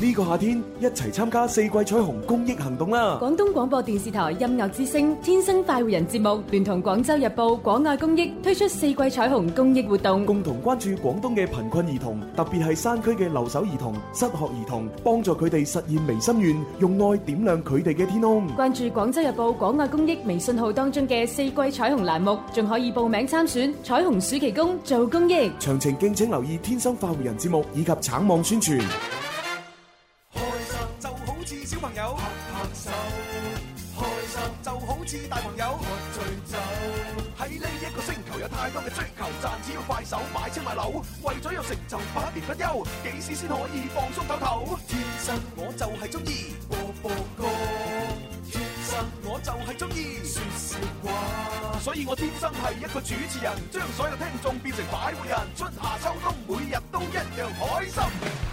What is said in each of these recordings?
呢個夏天一齊參加四季彩虹公益行動啦！廣東廣播電視台音樂之聲天生快活人節目聯同廣州日報廣愛公益推出四季彩虹公益活動，共同關注廣東嘅貧困兒童，特別係山區嘅留守兒童、失學兒童，幫助佢哋實現微心願，用愛點亮佢哋嘅天空。關注廣州日報廣愛公益微信號當中嘅四季彩虹欄目，仲可以報名參選彩虹暑期工做公益。詳情敬請留意天生快活人節目以及橙網宣傳。大朋友愛醉酒，喺呢一個星球有太多嘅追求，賺錢要快手，買車買樓，為咗有成就百年不休，幾時先可以放鬆唞唞？天生我就係中意播放歌。波波我就係鍾意所以，我天生係一個主持人，將所有聽眾變成快活人。春夏秋冬，每日都一樣開心。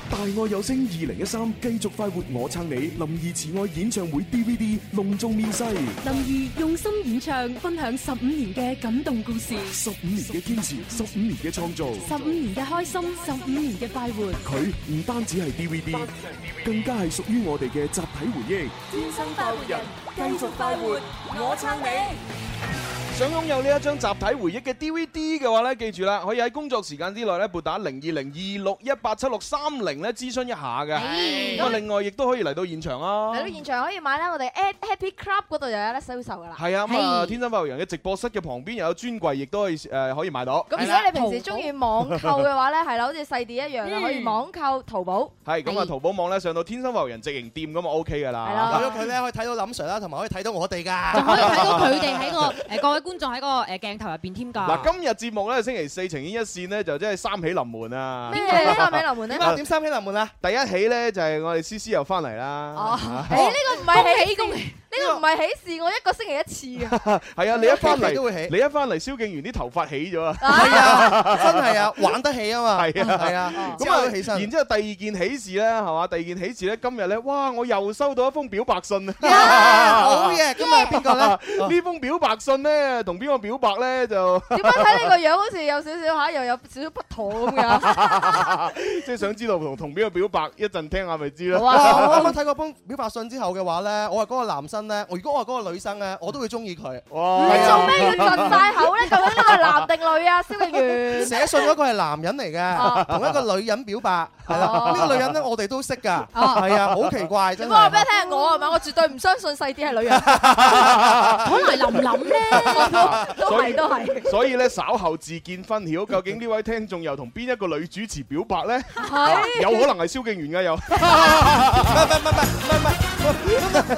大愛有聲二零一三，繼續快活我，我撐你。林儀慈愛演唱會 DVD 隆重面世。林儀用心演唱，分享十五年嘅感動故事。十五年嘅堅持，十五年嘅創造，十五年嘅開心，十五年嘅快活。佢唔單止係 DVD，更加係屬於我哋嘅集體回憶。天生快活人。繼續快活，我撐你。想擁有呢一張集體回憶嘅 DVD 嘅話咧，記住啦，可以喺工作時間之內咧撥打零二零二六一八七六三零咧諮詢一下嘅。咁另外亦都可以嚟到現場啊。嚟到現場可以買啦，我哋 at Happy Club 嗰度又有得銷售噶啦。係啊，咁啊，天生快活人嘅直播室嘅旁邊又有專櫃，亦都係誒可以買到。咁如果你平時中意網購嘅話咧，係啦，好似細碟一樣，可以網購淘寶。係咁啊，淘寶網咧上到天生快活人直營店咁就 OK 噶啦。係咯，咁佢咧可以睇到林 Sir 啦，同埋可以睇到我哋㗎。仲可以睇到佢哋喺個誒觀眾喺嗰個誒鏡頭入邊添㗎。嗱、啊，今日節目咧，星期四情牽一線咧，就真係三喜臨門啊！點解三喜臨門咧？八三喜臨門,起門啊！啊第一喜咧就係、是、我哋思思又翻嚟啦。哦，你呢個唔係喜功。 呢個唔係喜事，我一個星期一次啊！係啊，你一翻嚟都會起，你一翻嚟蕭敬元啲頭髮起咗啊！係啊，真係啊，玩得起啊嘛！係啊，係啊，咁啊，起身。然之後第二件喜事咧，係嘛？第二件喜事咧，今日咧，哇！我又收到一封表白信啊！好嘢，咁啊，邊個咧？呢封表白信咧，同邊個表白咧？就點解睇呢個樣好似有少少嚇，又有少少不妥咁樣？即係想知道同同邊個表白？一陣聽下咪知啦！哇！我啱啱睇過封表白信之後嘅話咧，我話嗰個男生，咧，如果我係嗰個女生咧，我都會中意佢。你做咩要咁大口咧？究竟嗰個係男定女啊？蕭敬源寫信嗰個係男人嚟嘅，同一個女人表白，係啦。呢個女人咧，我哋都識㗎，係啊，好奇怪真。你講俾你聽，我係咪？我絕對唔相信細啲係女人，可能係琳琳咧。所以都係，所以咧，稍後自見分曉。究竟呢位聽眾又同邊一個女主持表白咧？有可能係蕭敬源㗎又。唔唔唔唔唔唔，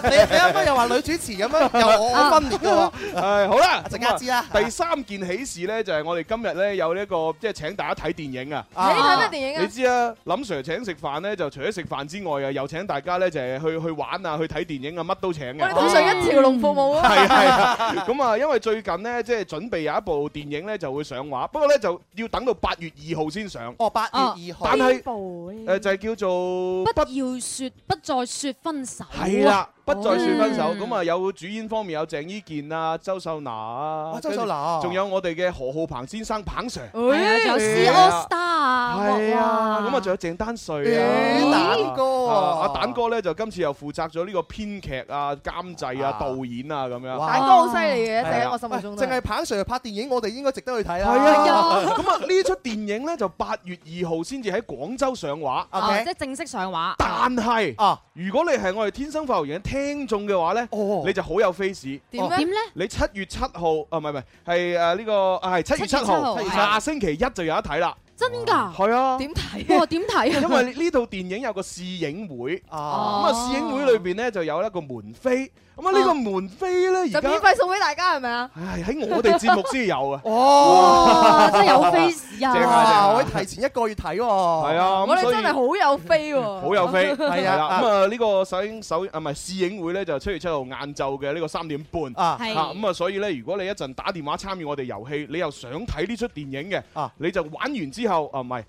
你你阿媽？又話女主持咁樣，又我分嘅喎。誒好啦，陣間知啦。第三件喜事咧，就係我哋今日咧有呢一個，即係請大家睇電影啊！你睇咩電影啊？你知啊，林 Sir 請食飯咧，就除咗食飯之外啊，又請大家咧就係去去玩啊，去睇電影啊，乜都請嘅。林 Sir 一條龍服務啊！係啊，咁啊，因為最近咧即係準備有一部電影咧就會上畫，不過咧就要等到八月二號先上。哦，八月二號。但係誒就係叫做不要說不再說分手。係啦。不再説分手咁啊，有主演方面有鄭伊健啊、周秀娜啊，周秀娜，仲有我哋嘅何浩鵬先生彭 Sir，係啊，有 star，係啊，咁啊，仲有鄭丹瑞啊，蛋哥啊，蛋哥咧就今次又負責咗呢個編劇啊、監製啊、導演啊咁樣。蛋哥好犀利嘅，喺我心目中都。淨係彭 Sir 拍電影，我哋應該值得去睇啊，係啊，咁啊，呢出電影咧就八月二號先至喺廣州上畫，係咪？即係正式上畫，但係啊，如果你係我哋天生快活人聽眾嘅話呢，oh. 你就好有 face。點咧？你七月七號啊，唔係唔係，係誒呢個係七、啊、月七號，下、啊、星期一就有得睇啦。真噶？係哇啊。點睇？點睇 因為呢套電影有個試影會，咁啊試影會裏邊呢，就有一個門飛。咁啊！呢個門飛咧，而家就免費送俾大家係咪啊？唉，喺我哋節目先有啊！哇，真係有飛屎啊！我提前一個月睇喎，係啊！我哋真係好有飛喎，好有飛係啊！咁啊，呢個首映首啊唔係試影會咧，就七月七號晏晝嘅呢個三點半啊。咁啊，所以咧，如果你一陣打電話參與我哋遊戲，你又想睇呢出電影嘅啊，你就玩完之後啊唔係，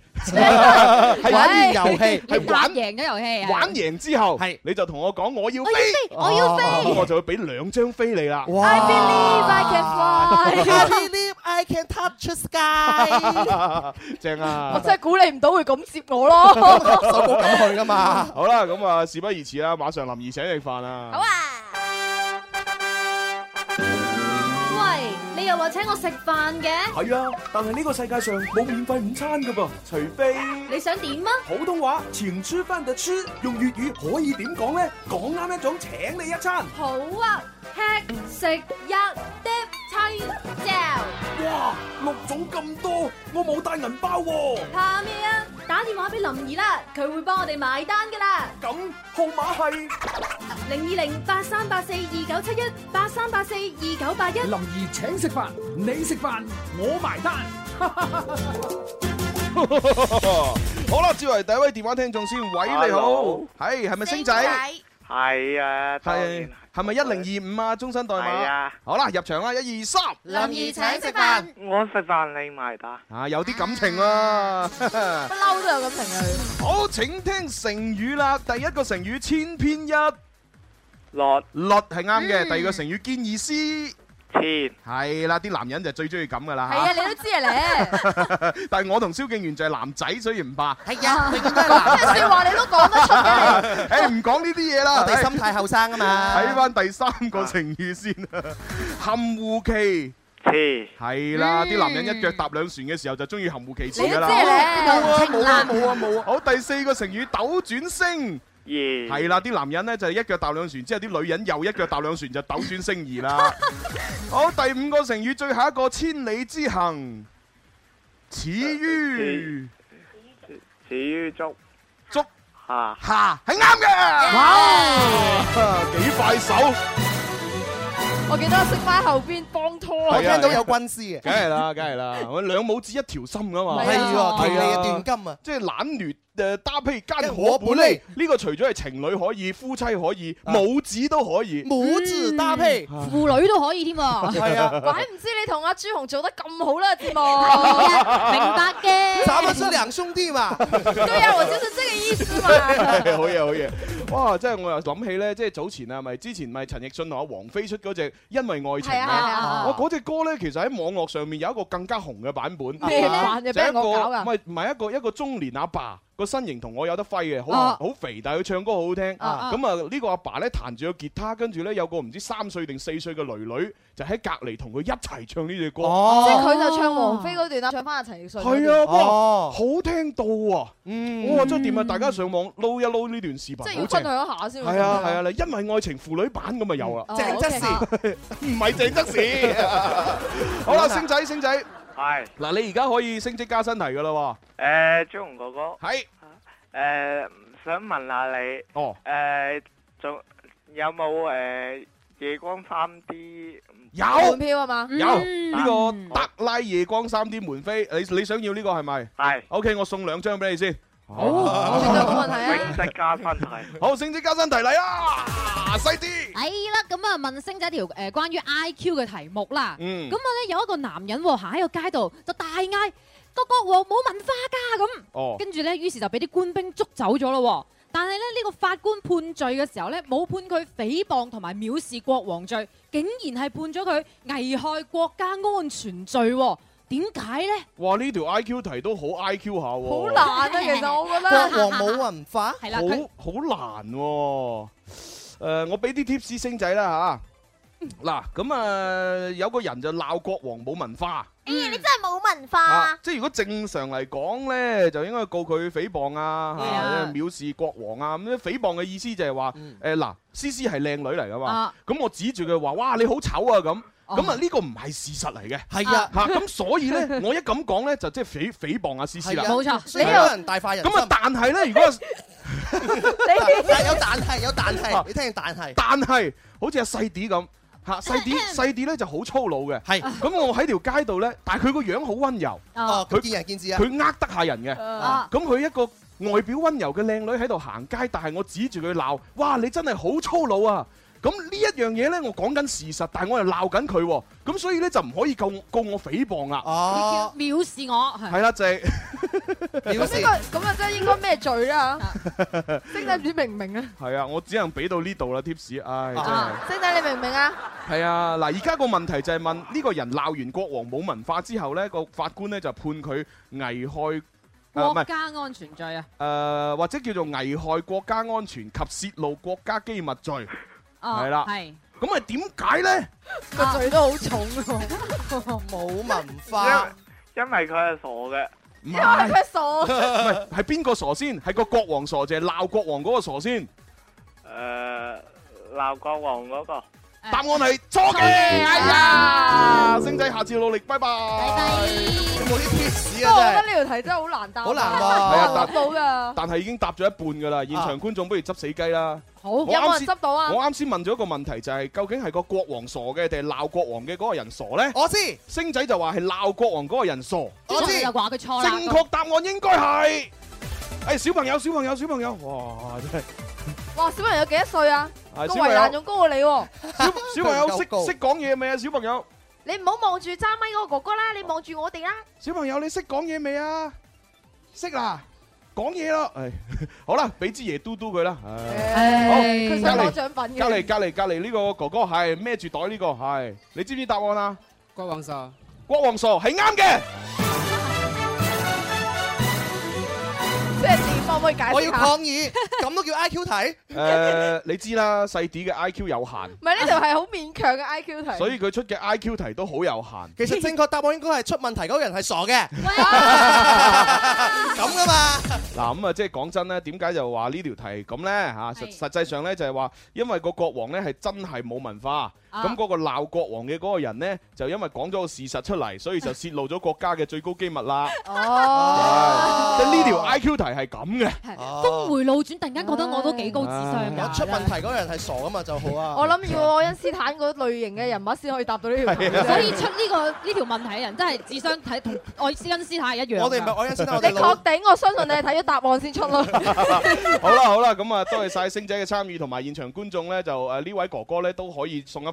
玩完遊戲係玩贏咗遊戲啊！玩贏之後係你就同我講我要飛，我要飛。我就會俾兩張飛你啦！哇！I believe I can fly. I believe I can touch the sky。正啊！我真係估你唔到會咁接我咯。首歌咁去㗎嘛。好啦，咁啊，事不宜遲啦，馬上林姨請食飯啊！好啊。話請我食飯嘅，係啊！但係呢個世界上冇免費午餐㗎噃，除非你想點啊？普通話前出翻就出，用粵語可以點講咧？講啱一種請你一餐，好啊，吃食日的。七、八、九。哇，六種咁多，我冇帶銀包喎。怕咩啊？打電話俾林怡啦，佢會幫我哋埋單噶啦。咁號碼係零二零八三八四二九七一八三八四二九八一。林怡請食飯，你食飯，我埋單。好啦，接嚟第一位電話聽眾先，喂，你好，係係咪星仔？係啊，係。係咪一零二五啊？終身代碼。係啊。好啦，入場啦，一二三。林姨請食飯。我食飯你埋單，啊，有啲感情啊。不嬲都有感情啊。好，請聽成語啦。第一個成語千篇一律，律係啱嘅。第二個成語建議師。係啦，啲男人就最中意咁噶啦。係啊，你都知啊，你。但係我同蕭敬元就係男仔，所以唔怕。係啊，你應該話你都講得出嘅。誒，唔講呢啲嘢啦。我哋心態後生啊嘛。睇翻第三個成語先，含糊其辭。係啦，啲男人一腳踏兩船嘅時候就中意含糊其辭噶啦。冇啊冇啊冇啊冇啊。好，第四個成語，斗轉星係啦，啲男人咧就係一腳踏兩船。之後啲女人又一腳踏兩船就斗轉星移啦。 好，第五個成語，最後一個千里之行，始於始於足足下下係啱嘅，幾 Yeah. 快手。我記得識翻後邊幫拖，我聽到有軍師，梗係啦，梗係啦，兩母、啊、子一條心噶嘛，係啊，其利斷金啊，啊啊金即係冷暖。誒，搭配間可，本呢個除咗係情侶可以，夫妻可以，母子都可以，母子搭配父女都可以添，係啊，鬼唔知你同阿朱紅做得咁好啦，添喎，明白嘅。咱們是兩兄弟嘛，對啊，我就是這個意思嘛。好嘢，好嘢，哇！即係我又諗起咧，即係早前啊，咪之前咪陳奕迅同阿王菲出嗰隻《因為愛情》，啊，我嗰隻歌咧，其實喺網絡上面有一個更加紅嘅版本，就一個唔係唔係一個一個中年阿爸。個身形同我有得揮嘅，好好肥，但係佢唱歌好好聽。咁啊，呢個阿爸咧，彈住個吉他，跟住咧有個唔知三歲定四歲嘅囡囡，就喺隔離同佢一齊唱呢隻歌。即係佢就唱王菲嗰段啦，唱翻阿陳奕迅。係啊，哇，好聽到啊！哇，真係點啊？大家上網 load 一 load 呢段視頻，即係要分享一下先。係啊係啊，因為愛情父女版咁咪有啊？鄭則仕，唔係鄭則仕。好啦，星仔星仔。係嗱、啊，你而家可以升職加薪題噶啦，誒、呃，張榮哥哥，係是，誒、呃，想問下你，哦，誒、呃，仲有冇誒、呃，夜光三 D 有門票啊嘛？有呢、嗯這個德拉夜光三 D 門飛，你你想要呢個係咪？係是，OK，我送兩張俾你先。好，升職加薪題、啊。好，升職加薪題嚟啦，細、啊、啲。哎啦，咁啊、嗯嗯，問星仔一條誒關於 I Q 嘅題目啦。嗯。咁我咧有一個男人行喺個街度就大嗌，個國王冇文化噶咁。哦。跟住咧，於是就俾啲官兵捉走咗咯、啊。但係咧呢、這個法官判罪嘅時候咧，冇判佢誹謗同埋藐視國王罪，竟然係判咗佢危害國家安全罪、啊。點解咧？呢哇！呢條 I Q 題都好 I Q 下喎，哦，好難啊！其實我覺得 國王冇文化，係、哦呃、啦，好好難。誒、嗯，我俾啲 tips 星仔啦吓。嗱、嗯，咁啊有個人就鬧國王冇文化。咦，你真係冇文化。即係如果正常嚟講咧，就應該告佢誹謗啊，啊啊藐視國王啊。咁誹謗嘅意思就係話，誒嗱，C C 係靚女嚟噶嘛，咁、啊、我指住佢話，哇，你好醜啊咁。咁啊，呢個唔係事實嚟嘅，係啊，嚇咁所以咧，我一咁講咧，就即係誹誹謗阿 C C 啦，冇錯，所有人大快人心。咁啊，但係咧，如果有但係有但係，你聽但係，但係好似阿細啲咁嚇細啲細啲咧就好粗魯嘅，係咁我喺條街度咧，但係佢個樣好溫柔，佢見仁見智啊，佢呃得下人嘅，咁佢一個外表溫柔嘅靚女喺度行街，但係我指住佢鬧，哇！你真係好粗魯啊！咁呢一樣嘢咧，我講緊事實，但係我又鬧緊佢，咁所以咧就唔可以告告我誹謗啊！哦，藐視我係啦，就係藐視。咁呢個咁啊，真係應該咩罪咧？嚇，星仔唔知明唔明咧？係啊，我只能俾到呢度啦，tips。唉，星仔你明唔明啊？係啊，嗱，而家個問題就係問呢個人鬧完國王冇文化之後咧，個法官咧就判佢危害國家安全罪啊？誒，或者叫做危害國家安全及泄露國家機密罪。係啦，係咁啊。點解咧？個罪都好重咯，冇文化。因因為佢係傻嘅，因為佢係傻。唔係，係邊個傻先？係個國王傻，淨係鬧國王嗰個傻先。誒，鬧國王嗰個答案係錯嘅。哎呀，星仔，下次努力，拜拜。拜拜。有冇啲貼士啊，我覺得呢條題真係好難答。好難答，係啊，答到噶。但係已經答咗一半噶啦，現場觀眾不如執死雞啦。有冇人執到啊？我啱先，我啱先問咗一個問題，就係究竟係個國王傻嘅，定係鬧國王嘅嗰個人傻咧？我知，星仔就話係鬧國王嗰個人傻。我知就話佢錯啦。正確答案應該係，誒，小朋友，小朋友，小朋友，哇真係，哇，小朋友幾多歲啊？個圍欄仲高過你？小小朋友識識講嘢未啊？小朋友，你唔好望住揸咪嗰個哥哥啦，你望住我哋啦。小朋友，你識講嘢未啊？識啦。講嘢咯，好啦，俾支嘢嘟嘟佢啦。Hey. 好，佢想攞獎品。隔籬隔籬隔籬呢個哥哥係孭住袋呢，這個係，你知唔知答案啊？國王傻，國王傻，係啱嘅。Hey. 可可我要抗議，咁 都叫 I Q 題？誒、 呃，你知啦，細啲嘅 I Q 有限。唔係呢條係好勉強嘅 I Q 題。所以佢出嘅 I Q 題都好有限。其實正確答案應該係出問題嗰個人係傻嘅，咁噶 嘛？嗱，咁啊，嗯、即係講真咧，點解就話呢條題咁咧？吓的，實實際上咧就係話，因為個國王咧係真係冇文化。咁嗰個鬧國王嘅嗰個人呢，就因為講咗個事實出嚟，所以就泄露咗國家嘅最高機密啦。哦，呢條 I Q 題係咁嘅。峰回路轉，突然間覺得我都幾高智商。我出問題嗰人係傻啊嘛，就好啊。我諗要愛因斯坦嗰類型嘅人物先可以答到呢條。所以出呢個呢條問題嘅人真係智商睇同愛因斯坦一樣。我哋唔係愛因斯坦。你確定？我相信你係睇咗答案先出咯。好啦好啦，咁啊，多謝晒星仔嘅參與同埋現場觀眾咧，就誒呢位哥哥咧都可以送一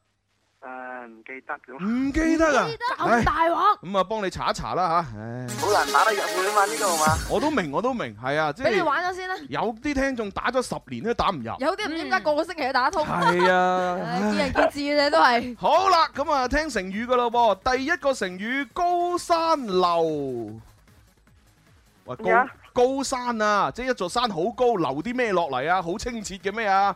誒，唔、呃、記得咗，唔記得啊，咁大鑊，咁啊，幫你查一查啦吓，唉，好難打得入去啊嘛，呢度嘛，我都明，我都明，係啊，即係俾你玩咗先啦，有啲聽眾打咗十年都打唔入，嗯、有啲唔知點解個個星期都打通，係啊，見仁見智嘅都係。唉好啦，咁啊，聽成語噶咯噃，第一個成語高山流，喂高麼高山啊，即係一座山好高，流啲咩落嚟啊？好清澈嘅咩啊？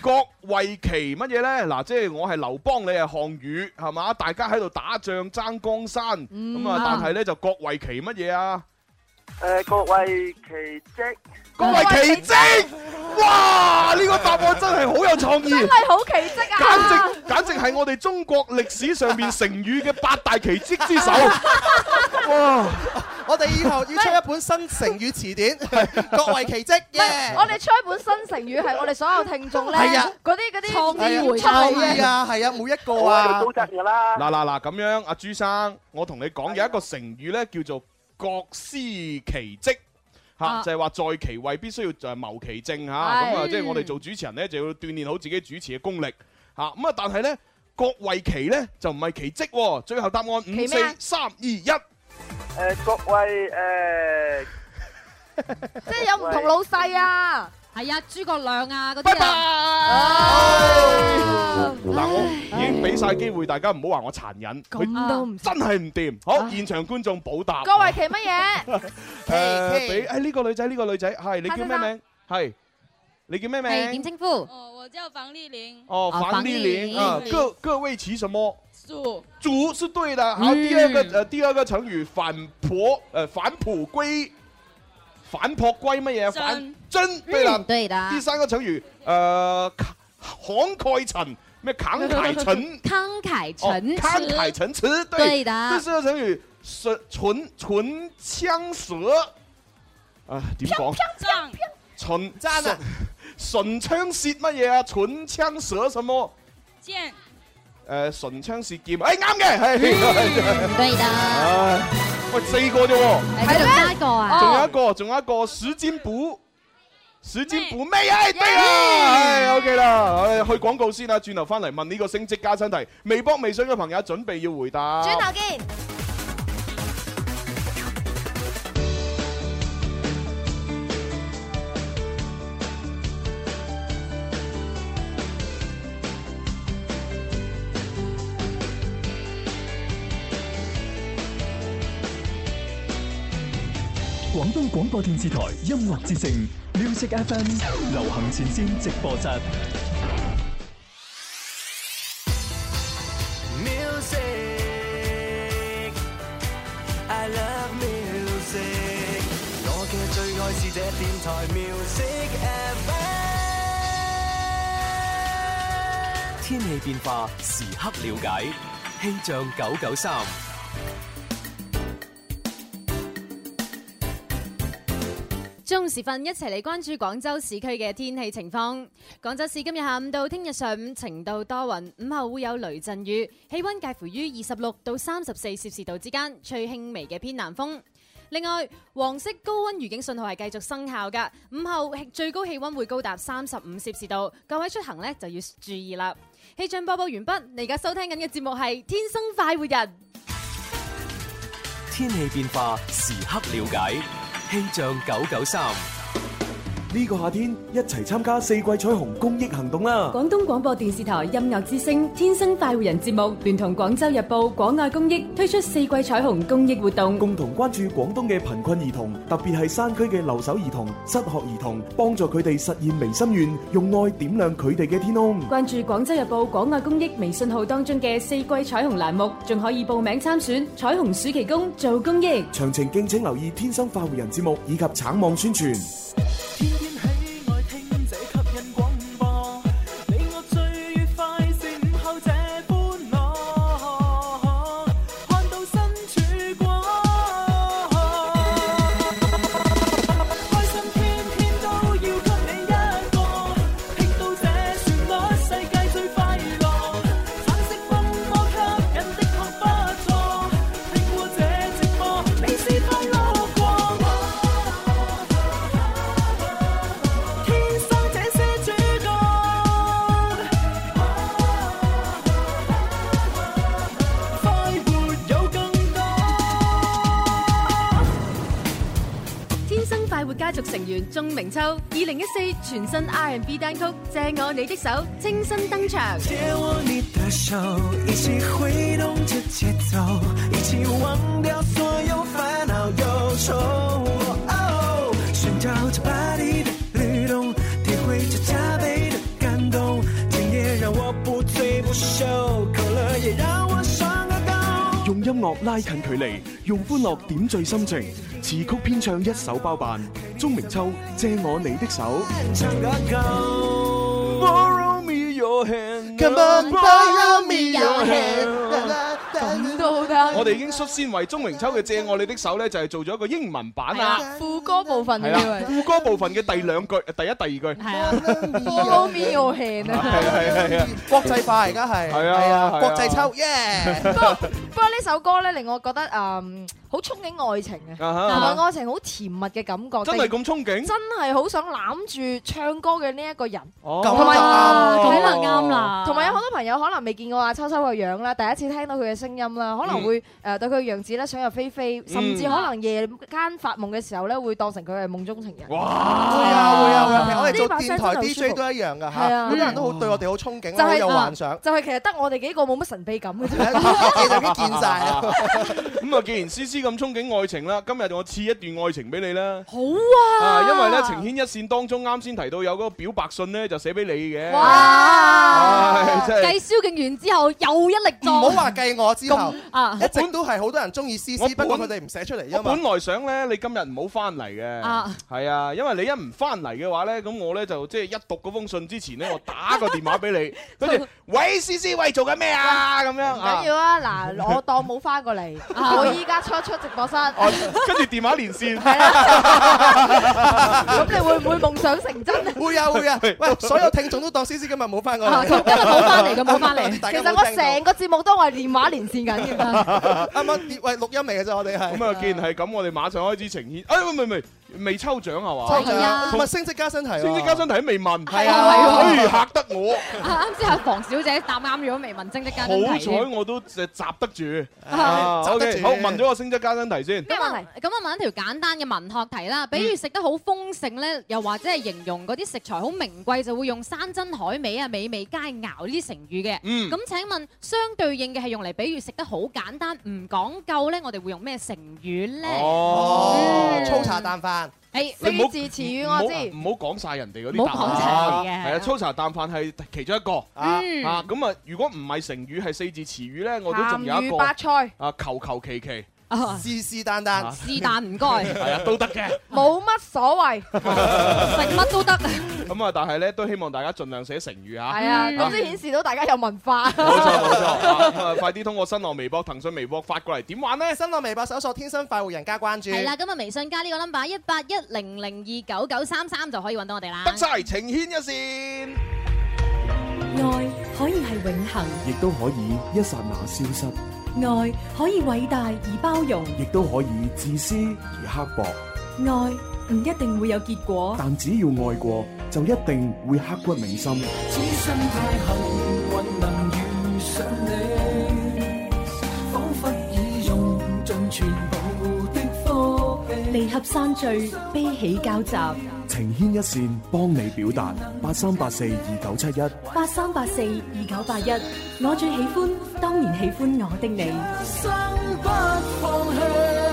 各為其乜嘢呢？嗱，啊，即係我係劉邦，你係項羽，係嘛？大家喺度打仗爭江山，咁啊，但係呢，就各為其乜嘢啊？誒，各為其職，各為其職。哇！呢個答案真係好有創意，真係好奇蹟啊！簡直簡直係我哋中國歷史上面成語嘅八大奇蹟之首。哇！ 我哋以後要出一本新成語辭典，各為其職，我哋出一本新成語係我哋所有聽眾咧，嗰啲嗰啲創意回憶 啊，係啊，每一個啊，嗱嗱嗱，咁樣，阿朱生，我同你講有一個成語咧，叫做各司其職，嚇 就係話在其位必須要就係謀其政嚇，咁啊，即係、 嗯啊就是、我哋做主持人咧就要鍛，鍛鍊好自己主持嘅功力嚇，咁啊，但係咧各為其咧就唔係奇蹟，最後答案五四三二一。誒，各位誒，即係有唔同老細啊，係啊，諸葛亮啊嗰啲啊。嗱，我已經俾晒機會，大家唔好話我殘忍，佢都唔真係唔掂。好，現場觀眾補答。各位起乜嘢？俾誒呢個女仔，呢個女仔係你叫咩名？係你叫咩名？點稱呼？我叫范麗玲。哦，范麗玲啊，各各位起什麼？主,主是對的，好，第二個，呃，第二個成語反璞，呃，反璞歸，反璞歸乜嘢？反真對的。對的。第三個成語，呃，慷慨陳咩慷慨陳成慷、哦、慨陳慷慨陳詞對的對。第四個成語，唇唇唇槍舌啊點講？唇真唇槍舌乜嘢啊？唇槍舌什麼？劍。誒、呃、唇槍舌劍，誒啱嘅，係唔得，喂四個啫喎，喺度加一個啊，仲有，有一個，仲、哦、有一個史尖鼓，史尖鼓咩喺度，O K 啦，去廣告先啦，轉頭翻嚟問呢個升職加薪題，微博、微信嘅朋友準備要回答，轉頭見。廣播電視台音樂之聲 Music FM 流行前線直播室。Music, I love music。我嘅最愛是這電台 Music FM。天氣變化，時刻了解，氣象九九三。中午時分，一齊嚟關注廣州市區嘅天氣情況。廣州市今日下午到聽日上午晴到多雲，午後會有雷陣雨，氣溫介乎於二十六到三十四攝氏度之間，吹輕微嘅偏南風。另外，黃色高溫預警信號係繼續生效噶，午後最高氣溫會高達三十五攝氏度，各位出行呢就要注意啦。氣象播報完畢，你而家收聽緊嘅節目係《天生快活人》，天氣變化時刻了解。氣象九九三。呢個夏天一齊參加四季彩虹公益行動啦！廣東廣播電視台音樂之聲天生快活人節目聯同廣州日報廣愛公益推出四季彩虹公益活動，共同關注廣東嘅貧困兒童，特別係山區嘅留守兒童、失學兒童，幫助佢哋實現微心願，用愛點亮佢哋嘅天空。關注廣州日報廣愛公益微信號當中嘅四季彩虹欄目，仲可以報名參選彩虹暑期工做公益。詳情敬請留意天生快活人節目以及橙網宣傳。全新 R&B 單曲《借我你的手》清新登場，借我你的手，一起揮動着節奏，一起忘掉所有煩惱憂愁。尋找着 body 的律動，體會着加倍的感動。今夜讓我不醉不休，可樂也讓我爽個夠。用音樂拉近距離，用歡樂點綴心情，詞曲編唱一手包辦。鍾明秋，借我你的手。我哋已經率先為鍾明秋嘅《借我你的手》咧，就係做咗一個英文版啦。副歌部分係啦，副歌部分嘅第兩句、第一、第二句。係啊。Follow me, your hand。係係係。國際化而家係。係啊係啊。國際秋，yeah。不過呢首歌咧令我覺得誒好憧憬愛情啊，愛情好甜蜜嘅感覺。真係咁憧憬？真係好想攬住唱歌嘅呢一個人。哦，咁啊，可能啱啦。同埋有好多朋友可能未見過阿秋秋嘅樣啦，第一次聽到佢嘅聲音啦。可能會誒對佢嘅樣子咧想入非非，甚至可能夜間發夢嘅時候咧，會當成佢係夢中情人。哇！會啊會啊！我哋做呢電台 DJ 都一樣噶。係呀，好多人都好對我哋好憧憬，好有幻想。就係其實得我哋幾個冇乜神秘感嘅啫，喺劇入邊見曬。咁啊，既然思思咁憧憬愛情啦，今日我賜一段愛情俾你啦。好啊！啊，因為咧情牽一線當中啱先提到有嗰個表白信咧，就寫俾你嘅。哇！計蕭敬元之後又一力壯，唔好話計我之後。啊！一直都係好多人中意 CC，不過佢哋唔寫出嚟啊嘛。我本來想咧，你今日唔好翻嚟嘅。啊，係啊，因為你一唔翻嚟嘅話咧，咁我咧就即係一讀嗰封信之前咧，我打個電話俾你，跟住喂 CC 喂，做緊咩啊？咁樣唔緊要啊！嗱，我當冇翻過嚟。我依家初出直播室，跟住電話連線。係啦。咁你會唔會夢想成真？會啊會啊！喂，所有聽眾都當 CC 今日冇翻過嚟，今日冇翻嚟，今日冇翻嚟。其實我成個節目都係電話連線緊。啱啱，喂，錄音嚟嘅啫，我哋係咁啊，既然係咁，我哋馬上開始呈現。哎，喂，係唔未抽獎係嘛？係啊，同埋升職加薪題，升職加薪題都未問，係啊，哎嚇得我。啱先阿房小姐答啱咗未問升職加薪題。好彩我都誒接得住。O K，好問咗個升職加薪題先。咁啊，咁我問一條簡單嘅文學題啦，比如食得好豐盛咧，又或者係形容嗰啲食材好名貴，就會用山珍海味啊、美味佳餚呢啲成語嘅。嗯。咁請問相對應嘅係用嚟，比喻食得好簡單唔講究咧，我哋會用咩成語咧？哦，粗茶淡飯。四字詞語我知，唔好講晒人哋嗰啲答案。係啊，粗茶淡飯係其中一個啊。咁啊，如果唔係成語係四字詞語咧，我都仲有一個。鹹魚白菜。啊，求求其其。是是，但但。是但唔該，係啊都得嘅，冇乜所謂，食乜都得。咁啊，但係咧都希望大家盡量寫成語啊，係啊，咁都顯示到大家有文化。冇錯冇錯，快啲通過新浪微博、騰訊微博發過嚟，點玩呢？新浪微博搜索天生快活人加關注。係啦，咁啊，微信加呢個 number 一八一零零二九九三三就可以搵到我哋啦。得晒，情牽一線，愛可以係永恆，亦都可以一剎那消失。愛可以偉大而包容，亦都可以自私而刻薄。愛唔一定會有結果，但只要愛過，就一定會刻骨銘心。此生太幸，運能遇上你，仿佛已用盡全部的科技。離合散聚，悲喜交集。情牽一線，幫你表達八三八四二九七一，八三八四二九八一。81，我最喜歡，當然喜歡我的你。生不放棄。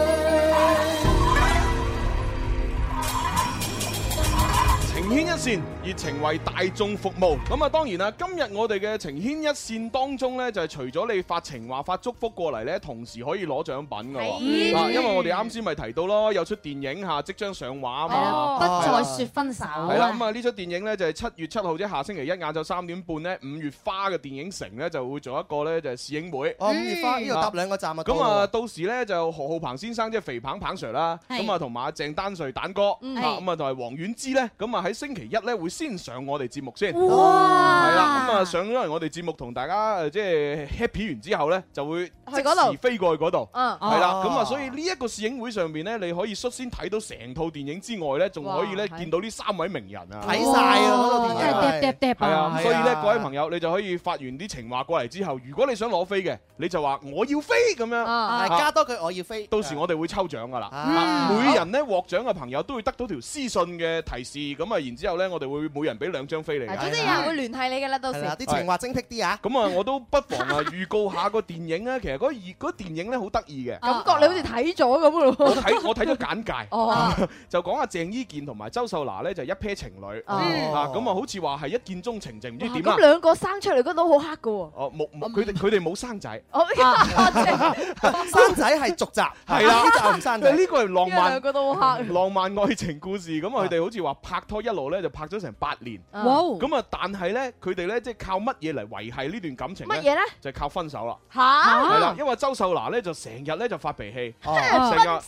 情牽一線，熱情為大眾服務。咁、嗯、啊，當然啦，今日我哋嘅情牽一線當中呢，就係、是、除咗你發情話、發祝福過嚟呢，同時可以攞獎品噶。嗱， 嗯、因為我哋啱先咪提到咯，有出電影吓、啊、即將上畫啊嘛，《不再說分手、啊》。係、嗯、啦，咁啊呢出電影呢，就係、是、七月七號即係下星期一晏晝三點半呢，五月花嘅電影城呢，就會做一個呢，就係試映會、哦。五月花呢度、嗯、搭兩個站啊。咁、嗯、啊，到時呢，就何浩鵬先生即係肥棒棒 sir 啦，咁啊同埋阿鄭丹瑞蛋哥啊，咁啊同埋黃婉芝呢。咁啊喺。星期一咧會先上我哋節目先，係啦，咁啊上咗嚟我哋節目同大家誒即係 happy 完之後咧，就會直嗰度飛過去嗰度，係啦，咁啊所以呢一個試影會上面咧，你可以率先睇到成套電影之外咧，仲可以咧見到呢三位名人啊，睇晒啊，好多電影，係啊，所以咧各位朋友，你就可以發完啲情話過嚟之後，如果你想攞飛嘅，你就話我要飛咁樣，加多句我要飛，到時我哋會抽獎噶啦，每人咧獲獎嘅朋友都會得到條私信嘅提示，咁啊。然之後咧，我哋會每人俾兩張飛嚟。總之有人會聯繫你嘅啦，到時啲情話精闢啲啊！咁啊，我都不妨啊預告下個電影啊。其實嗰個二嗰個電影咧，好得意嘅。感覺你好似睇咗咁，我睇我睇咗簡介，就講阿鄭伊健同埋周秀娜咧，就一 pair 情侶啊。咁啊，好似話係一見鍾情，就唔知點啦。咁兩個生出嚟嗰度好黑嘅喎。佢哋佢哋冇生仔。生仔係續集，係啦。生仔呢個係浪漫，覺得好黑。浪漫愛情故事咁，佢哋好似話拍拖一路咧就拍咗成八年，咁啊 Wow.！但係咧，佢哋咧即係靠乜嘢嚟維係呢段感情乜嘢咧？呢就係靠分手啦，係啦、啊，因為周秀娜咧就成日咧就發脾氣，分手啊！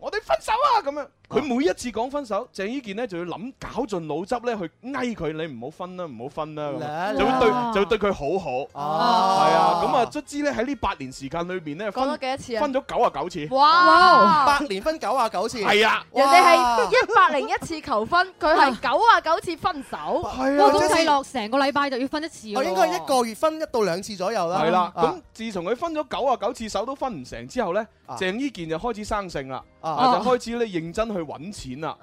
我哋分手啊！咁樣。佢每一次講分手，鄭伊健咧就要諗搞盡腦汁咧去哀佢，你唔好分啦，唔好分啦嘩嘩，就會對就會對佢好好。哦，係啊，咁啊，啊，卒之咧喺呢八年時間裏邊咧，分咗幾多次啊？分咗九啊九次。次哇！哇 八年分九啊九次。係是啊，哇 人哋係一百零一次求婚，佢係九啊九次分手。係啊，啊，咁計落成個禮拜就要分一次。我應該係一個月分一到兩次左右啦、啊。係啦，咁自從佢分咗九啊九次手都分唔成之後咧。鄭伊健就開始生性啦，啊、就開始咧、啊、認真去揾錢啦。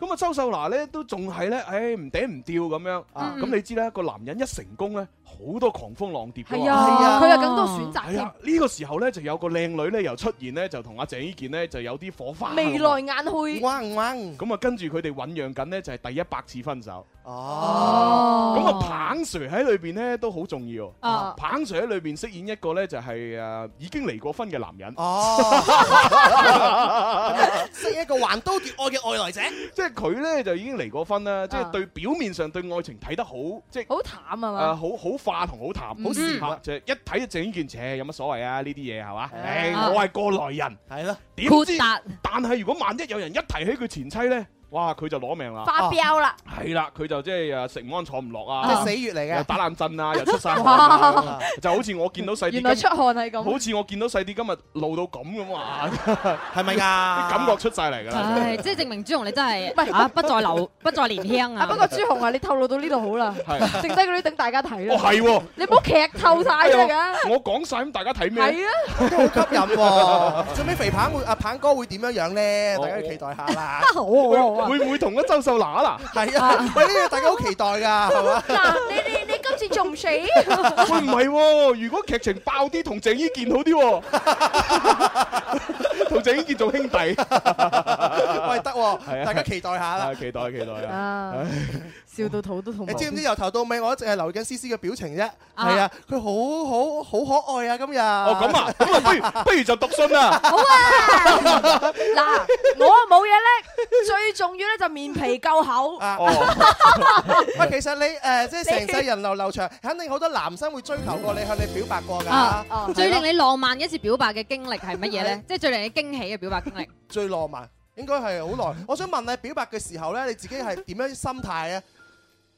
咁啊，周秀娜咧都仲係咧，唉、哎、唔頂唔掉咁樣。咁、啊、你知啦，嗯嗯個男人一成功咧。好多狂風浪蝶。係啊，佢、啊、有更多選擇添。呢、啊，這個時候咧，就有個靚女咧，又出現咧，就同阿鄭伊健咧，就有啲火花，眉來眼去，咁啊、嗯，嗯、就跟住佢哋醖釀緊咧，就係、是、第一百次分手。哦。咁啊，啊彭 Sir 喺裏邊咧都好重要。哦、啊。彭 Sir 喺裏邊飾演一個咧，就係、是、誒、啊、已經離過婚嘅男人。哦、啊。 即係一個橫刀奪愛嘅外來者，即係佢咧就已經離過婚啦，啊、即係對表面上對愛情睇得好，啊、即係是好淡啊嘛，誒好好化同好淡，好現下、啊，就是、一睇就整件邪。有乜所謂啊？呢啲嘢係嘛？誒的、哎，我係過來人，係咯的，點知？Put that. 但係如果萬一有人一提起佢前妻咧？哇！佢就攞命啦，發飆啦，係啦，佢就即係誒食唔安坐唔落啊，係死穴嚟嘅，又打冷震啊，又出曬汗，就好似我見到細啲，原來出汗係咁，好似我見到細啲今日露到咁咁話，係咪啊？感覺出晒嚟㗎，係即係證明朱紅你真係唔不再留，不再年輕啊！不過朱紅啊，你透露到呢度好啦，剩低嗰啲等大家睇啦。哦，係喎，你唔好劇透晒先啊！我講晒咁，大家睇咩啊？係啊，好吸引喎。最尾肥棒會阿棒哥會點樣樣咧？大家期待下啦。好。會唔會同咗周秀娜啊？嗱，係啊，喂，呢個大家好期待㗎，係嘛？嗱，你你你今次做唔死？唔係喎，如果劇情爆啲，同鄭伊健好啲喎，同鄭伊健做兄弟， 喂，得喎、啊，啊、大家期待下啦，啊、期待期待啊！ 笑到肚都痛！你知唔知由頭到尾，我一直係留緊思思嘅表情啫。係啊，佢好好好可愛啊！今日哦，咁啊，咁啊，不如不如就讀信啦。好啊！嗱，我啊冇嘢拎，最重要咧就面皮夠厚。哦，其實你誒，即係成世人流流長，肯定好多男生會追求過你，向你表白過噶。最令你浪漫一次表白嘅經歷係乜嘢咧？即係最令你驚喜嘅表白經歷。最浪漫應該係好耐。我想問你，表白嘅時候咧，你自己係點樣心態啊？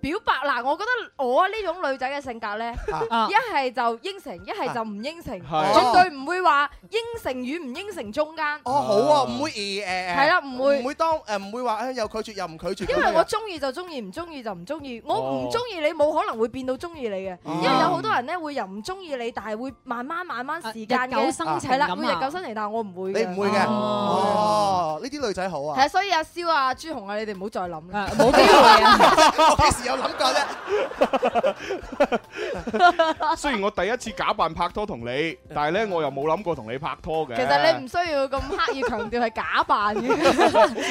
表白嗱，我覺得我呢種女仔嘅性格咧，一係就應承，一係就唔應承，絕對唔會話應承與唔應承中間。哦，好啊，唔會二誒。係啦，唔會唔會當誒唔會話誒又拒絕又唔拒絕。因為我中意就中意，唔中意就唔中意。我唔中意你，冇可能會變到中意你嘅。因為有好多人咧會由唔中意你，但係會慢慢慢慢時間嘅日久生情啦，每日久生情，但係我唔會。你唔會嘅。哦，呢啲女仔好啊。係啊，所以阿蕭啊、朱紅啊，你哋唔好再諗啦，冇機會啊。有諗過啫。 雖然我第一次假扮拍拖同你，但係咧我又冇諗過同你拍拖嘅。其實你唔需要咁刻意強調係假扮嘅。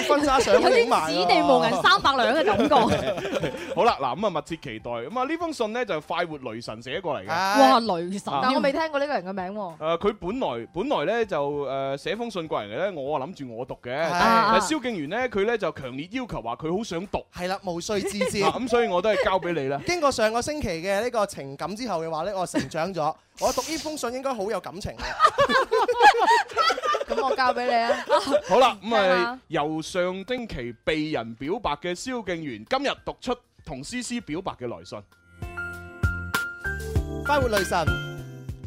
婚紗相有啲此地無銀三百兩嘅感覺。 對對對對，好啦，嗱咁啊，密切期待咁啊，呢、嗯、封信咧就是、快活雷神寫過嚟嘅。啊、哇，雷神！啊、但我未聽過呢個人嘅名。誒、啊，佢本來本來咧就誒寫封信過嚟咧，我啊諗住我讀嘅。阿蕭的敬源咧，佢咧就強烈要求話佢好想讀。係啦，無需自薦。咁、啊嗯、所以。我都係交俾你啦。經過上個星期嘅呢個情感之後嘅話咧，我成長咗。我讀呢封信應該好有感情嘅。咁我交俾你啊。好啦，咁咪由上星期被人表白嘅蕭敬源，今日讀出同 C C 表白嘅來信。快活雷神，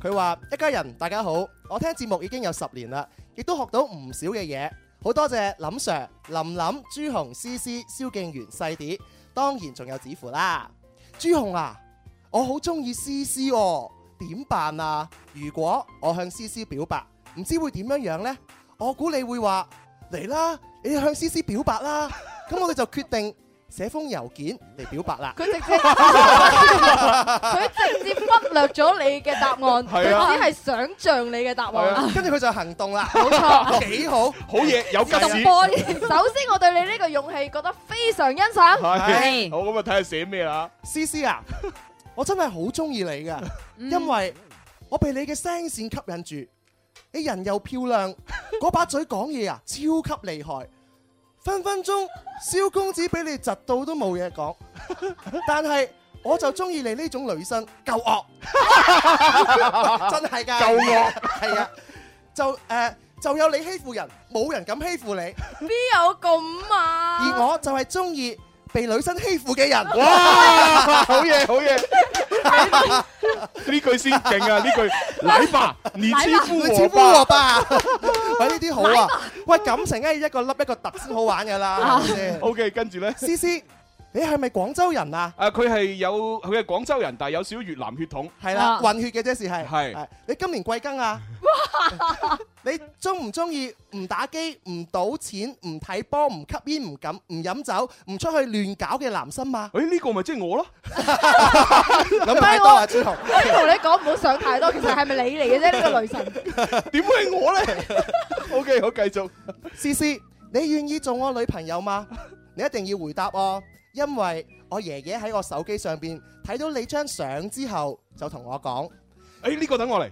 佢話：一家人，大家好。我聽節目已經有十年啦，亦都學到唔少嘅嘢。好多謝林 Sir、林林、朱紅、C C、蕭敬源細碟。.當然仲有指符啦，朱紅啊，我好中意詩詩哦，點辦啊？如果我向詩詩表白，唔知會點樣樣呢？我估你會話嚟啦，你向詩詩表白啦，咁我哋就決定。 寫封郵件嚟表白啦！佢直接，佢直接忽略咗你嘅答案，佢只係想像你嘅答案，跟住佢就行動啦。冇錯，幾好，好嘢，有計。首先，我對你呢個勇氣覺得非常欣賞。係，好咁啊，睇下寫咩啦。CC 啊，我真係好中意你嘅，因為我被你嘅聲線吸引住，你人又漂亮，嗰把嘴講嘢啊，超級厲害。分分鐘蕭公子俾你窒到都冇嘢講，但係我就中意你呢種女生，夠惡， 真係噶、啊，夠惡係啊，就誒、呃、就有你欺負人，冇人敢欺負你，邊有咁啊？而我就係中意被女生欺負嘅人。 哇，好嘢，好嘢，呢 句先勁啊！呢句，來吧！你欺負我吧。怕喂呢啲好啊，喂感情梗係一個凹一個凸先好玩㗎啦，O K 跟住咧，CC 吧。Okay, 你係咪廣州人啊？誒，佢係有佢係廣州人，但係有少少越南血統。係啦，混血嘅啫，是係。係。你今年貴庚啊？哇！你中唔中意唔打機、唔賭錢、唔睇波、唔吸煙、唔敢、唔飲酒、唔出去亂搞嘅男生嗎？誒，呢個咪即係我咯。諗多下之後，我同你講唔好想太多，其實係咪你嚟嘅啫？呢個女神。點會係我咧？OK，好，繼續。思思，你願意做我女朋友嗎？你一定要回答我。因為我爺爺喺我手機上邊睇到你張相之後就，就同、欸這個、我講，誒，呢個等我嚟。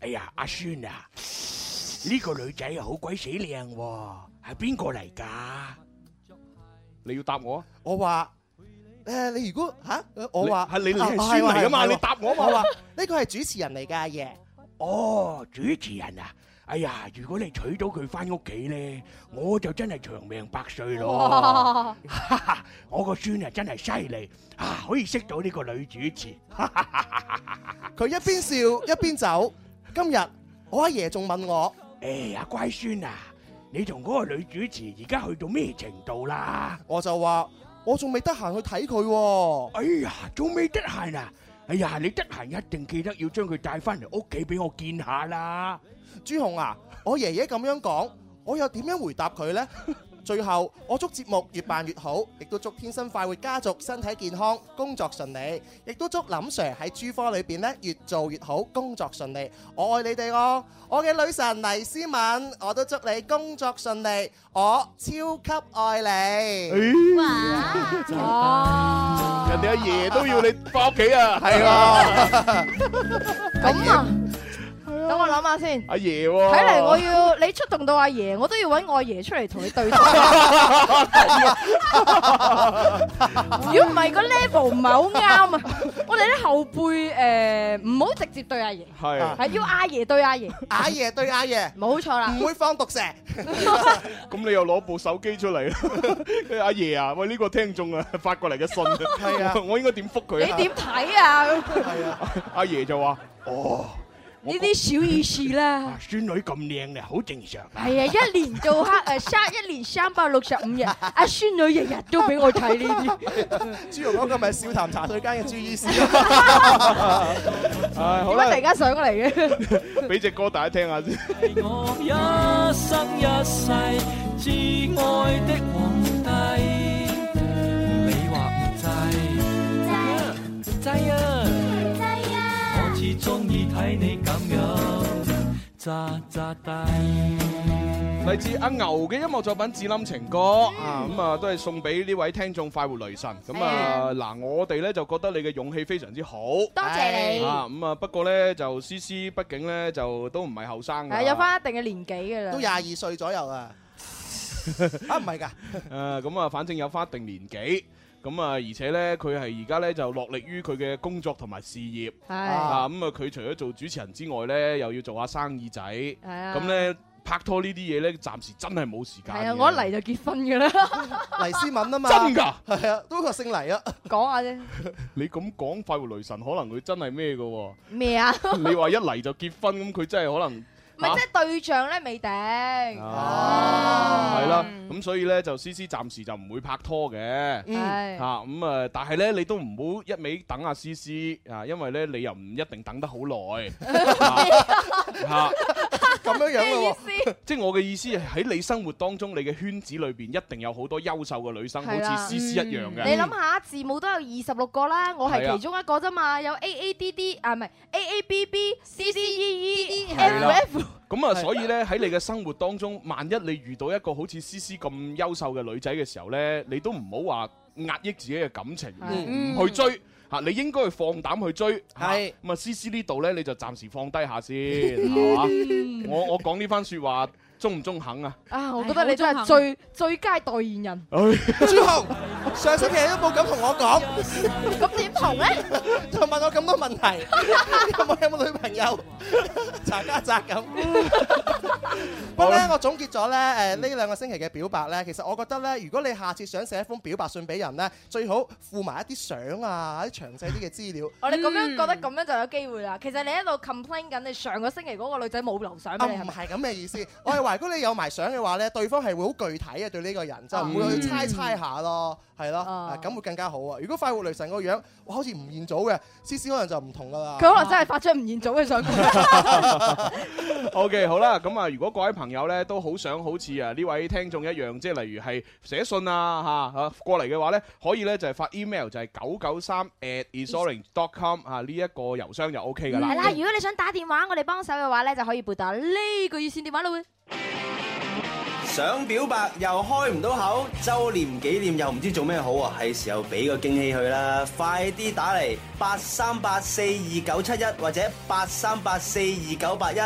哎呀，阿孫啊，呢、啊啊、個女仔好鬼死靚喎、哦，係邊個嚟噶？啊、你要答我啊？我話，誒、呃，你如果吓、啊，我話係你嚟，孫嚟噶嘛？啊啊啊啊、你答我嘛、啊？啊、 我話呢、這個係主持人嚟噶，阿、啊、爺。哦，主持人啊。哎呀，如果你娶到佢翻屋企咧，我就真係長命百歲咯！ 我個孫啊真係犀利，啊可以識到呢個女主持。佢 一邊笑一邊走。今日我阿爺仲問我：哎呀，乖孫啊，你同嗰個女主持而家去到咩程度啦？我就話我仲未得閒去睇佢。哎呀，仲未得閒啊？哎呀，你得閒一定記得要將佢帶翻嚟屋企俾我見下啦，朱紅啊！我爺爺咁樣講，我又點樣回答佢呢？ 最後，我祝節目越辦越好，亦都祝天生快活家族身體健康、工作順利，亦都祝林 Sir 喺 G4 裏邊咧越做越好、工作順利。我愛你哋哦，我嘅女神黎思敏，我都祝你工作順利，我超級愛你。哇！人哋阿爺都要你翻屋企啊，係 啊。咁啊！等我諗下先，阿爺喎，睇嚟，我要你出動到阿爺，我都要揾我阿爺出嚟同你對打。如果唔係個 level 唔係好啱啊！我哋啲後輩誒，唔好直接對阿爺，係，係要阿爺對阿爺，阿爺對阿爺，冇錯啦，唔會放毒蛇。咁你又攞部手機出嚟啦？阿爺啊，喂，呢個聽眾啊發過嚟嘅信，我應該點覆佢啊？你點睇啊？係啊，阿爺就話哦。呢啲小意思啦。孫女咁靚嘅，好正常。係啊，一年到黑誒三，一年三百六十五日，阿孫女日日都俾我睇呢啲。朱紅安哥今日笑談茶水間嘅朱醫師。點解突然間上嚟嘅？俾隻歌大家聽下先。扎扎帶，嚟自阿牛嘅音樂作品《自冧情歌》。嗯、啊，咁、嗯、啊都係送俾呢位聽眾快活雷神。咁啊嗱、哎啊，我哋咧就覺得你嘅勇氣非常之好。多謝你。咁啊、嗯、啊，不過咧就思思畢竟呢，畢竟咧就都唔係後生嘅，有翻一定嘅年紀噶啦，都廿二歲左右 啊。啊，唔係噶，誒，咁啊，反正有翻一定年紀。咁啊、嗯，而且咧，佢係而家咧就落力於佢嘅工作同埋事業。係啊，咁啊、嗯，佢除咗做主持人之外咧，又要做下生意仔。係啊，咁咧拍拖呢啲嘢咧，暫時真係冇時間。係啊，我一嚟就結婚㗎喇， 黎思敏啊嘛。真㗎，係 啊，都話姓黎啊。講下啫。 你咁講，快活雷神可能佢真係咩㗎喎？咩啊？啊 你話一嚟就結婚，咁佢真係可能。咪即係對象咧未定，哦，係啦，咁所以咧就思思暫時就唔會拍拖嘅，嚇咁啊！但係咧你都唔好一味等阿思思啊，因為咧你又唔一定等得好耐，嚇咁樣樣咯。即係我嘅意思，即係我嘅意思係喺你生活當中，你嘅圈子裏邊一定有好多優秀嘅女生，好似思思一樣嘅。你諗下，字母都有二十六個啦，我係其中一個啫嘛，有 A A D D 啊，唔係 A A B B C C E E F F。咁啊，所以呢，喺的你嘅生活當中，萬一你遇到一個好似 C C 咁優秀嘅女仔嘅時候呢，你都唔好話壓抑自己嘅感情，唔的去追吓的、啊，你應該去放膽去追。係咁啊，C C 呢度呢，你就暫時放低下先，係嘛？ 我我講呢番說話。 中唔中肯啊？啊，我覺得你真係最最最佳代言人朱雄，上星期都冇敢同我講，咁點同咧？就問我咁多問題，有冇有冇女朋友？查家宅咁。不過咧，我總結咗咧，誒呢兩個星期嘅表白咧，其實我覺得咧，如果你下次想寫一封表白信俾人咧，最好附埋一啲相啊，啲詳細啲嘅資料。我哋咁樣覺得咁樣就有機會啦。其實你喺度 complain 緊，你上個星期嗰個女仔冇留相俾你係唔係咁嘅意思？我係話。如果你有埋相嘅話咧，對方係會好具體嘅對呢個人，就唔、嗯、會去猜猜下咯。係咯，咁、啊啊、會更加好啊！如果快活雷神個樣，哇，好似吳彥祖嘅，CC 可能就唔同噶啦。佢可能真係發張吳彥祖嘅相過嚟。OK，好啦，咁啊，如果各位朋友咧都好想好似啊呢位聽眾一樣，即係例如係寫信啊吓，嚇、啊啊、過嚟嘅話咧，可以咧就發 email 就係九九三 atisarring.com 啊呢一、這個郵箱就 OK 噶啦。嗱、嗯，如果你想打電話我哋幫手嘅話咧，就可以撥打呢個熱線電話啦想表白又開唔到口，周年紀念又唔知做咩好啊！係 時候俾個驚喜佢啦，快啲打嚟八三八四二九七一或者八三八四二九八一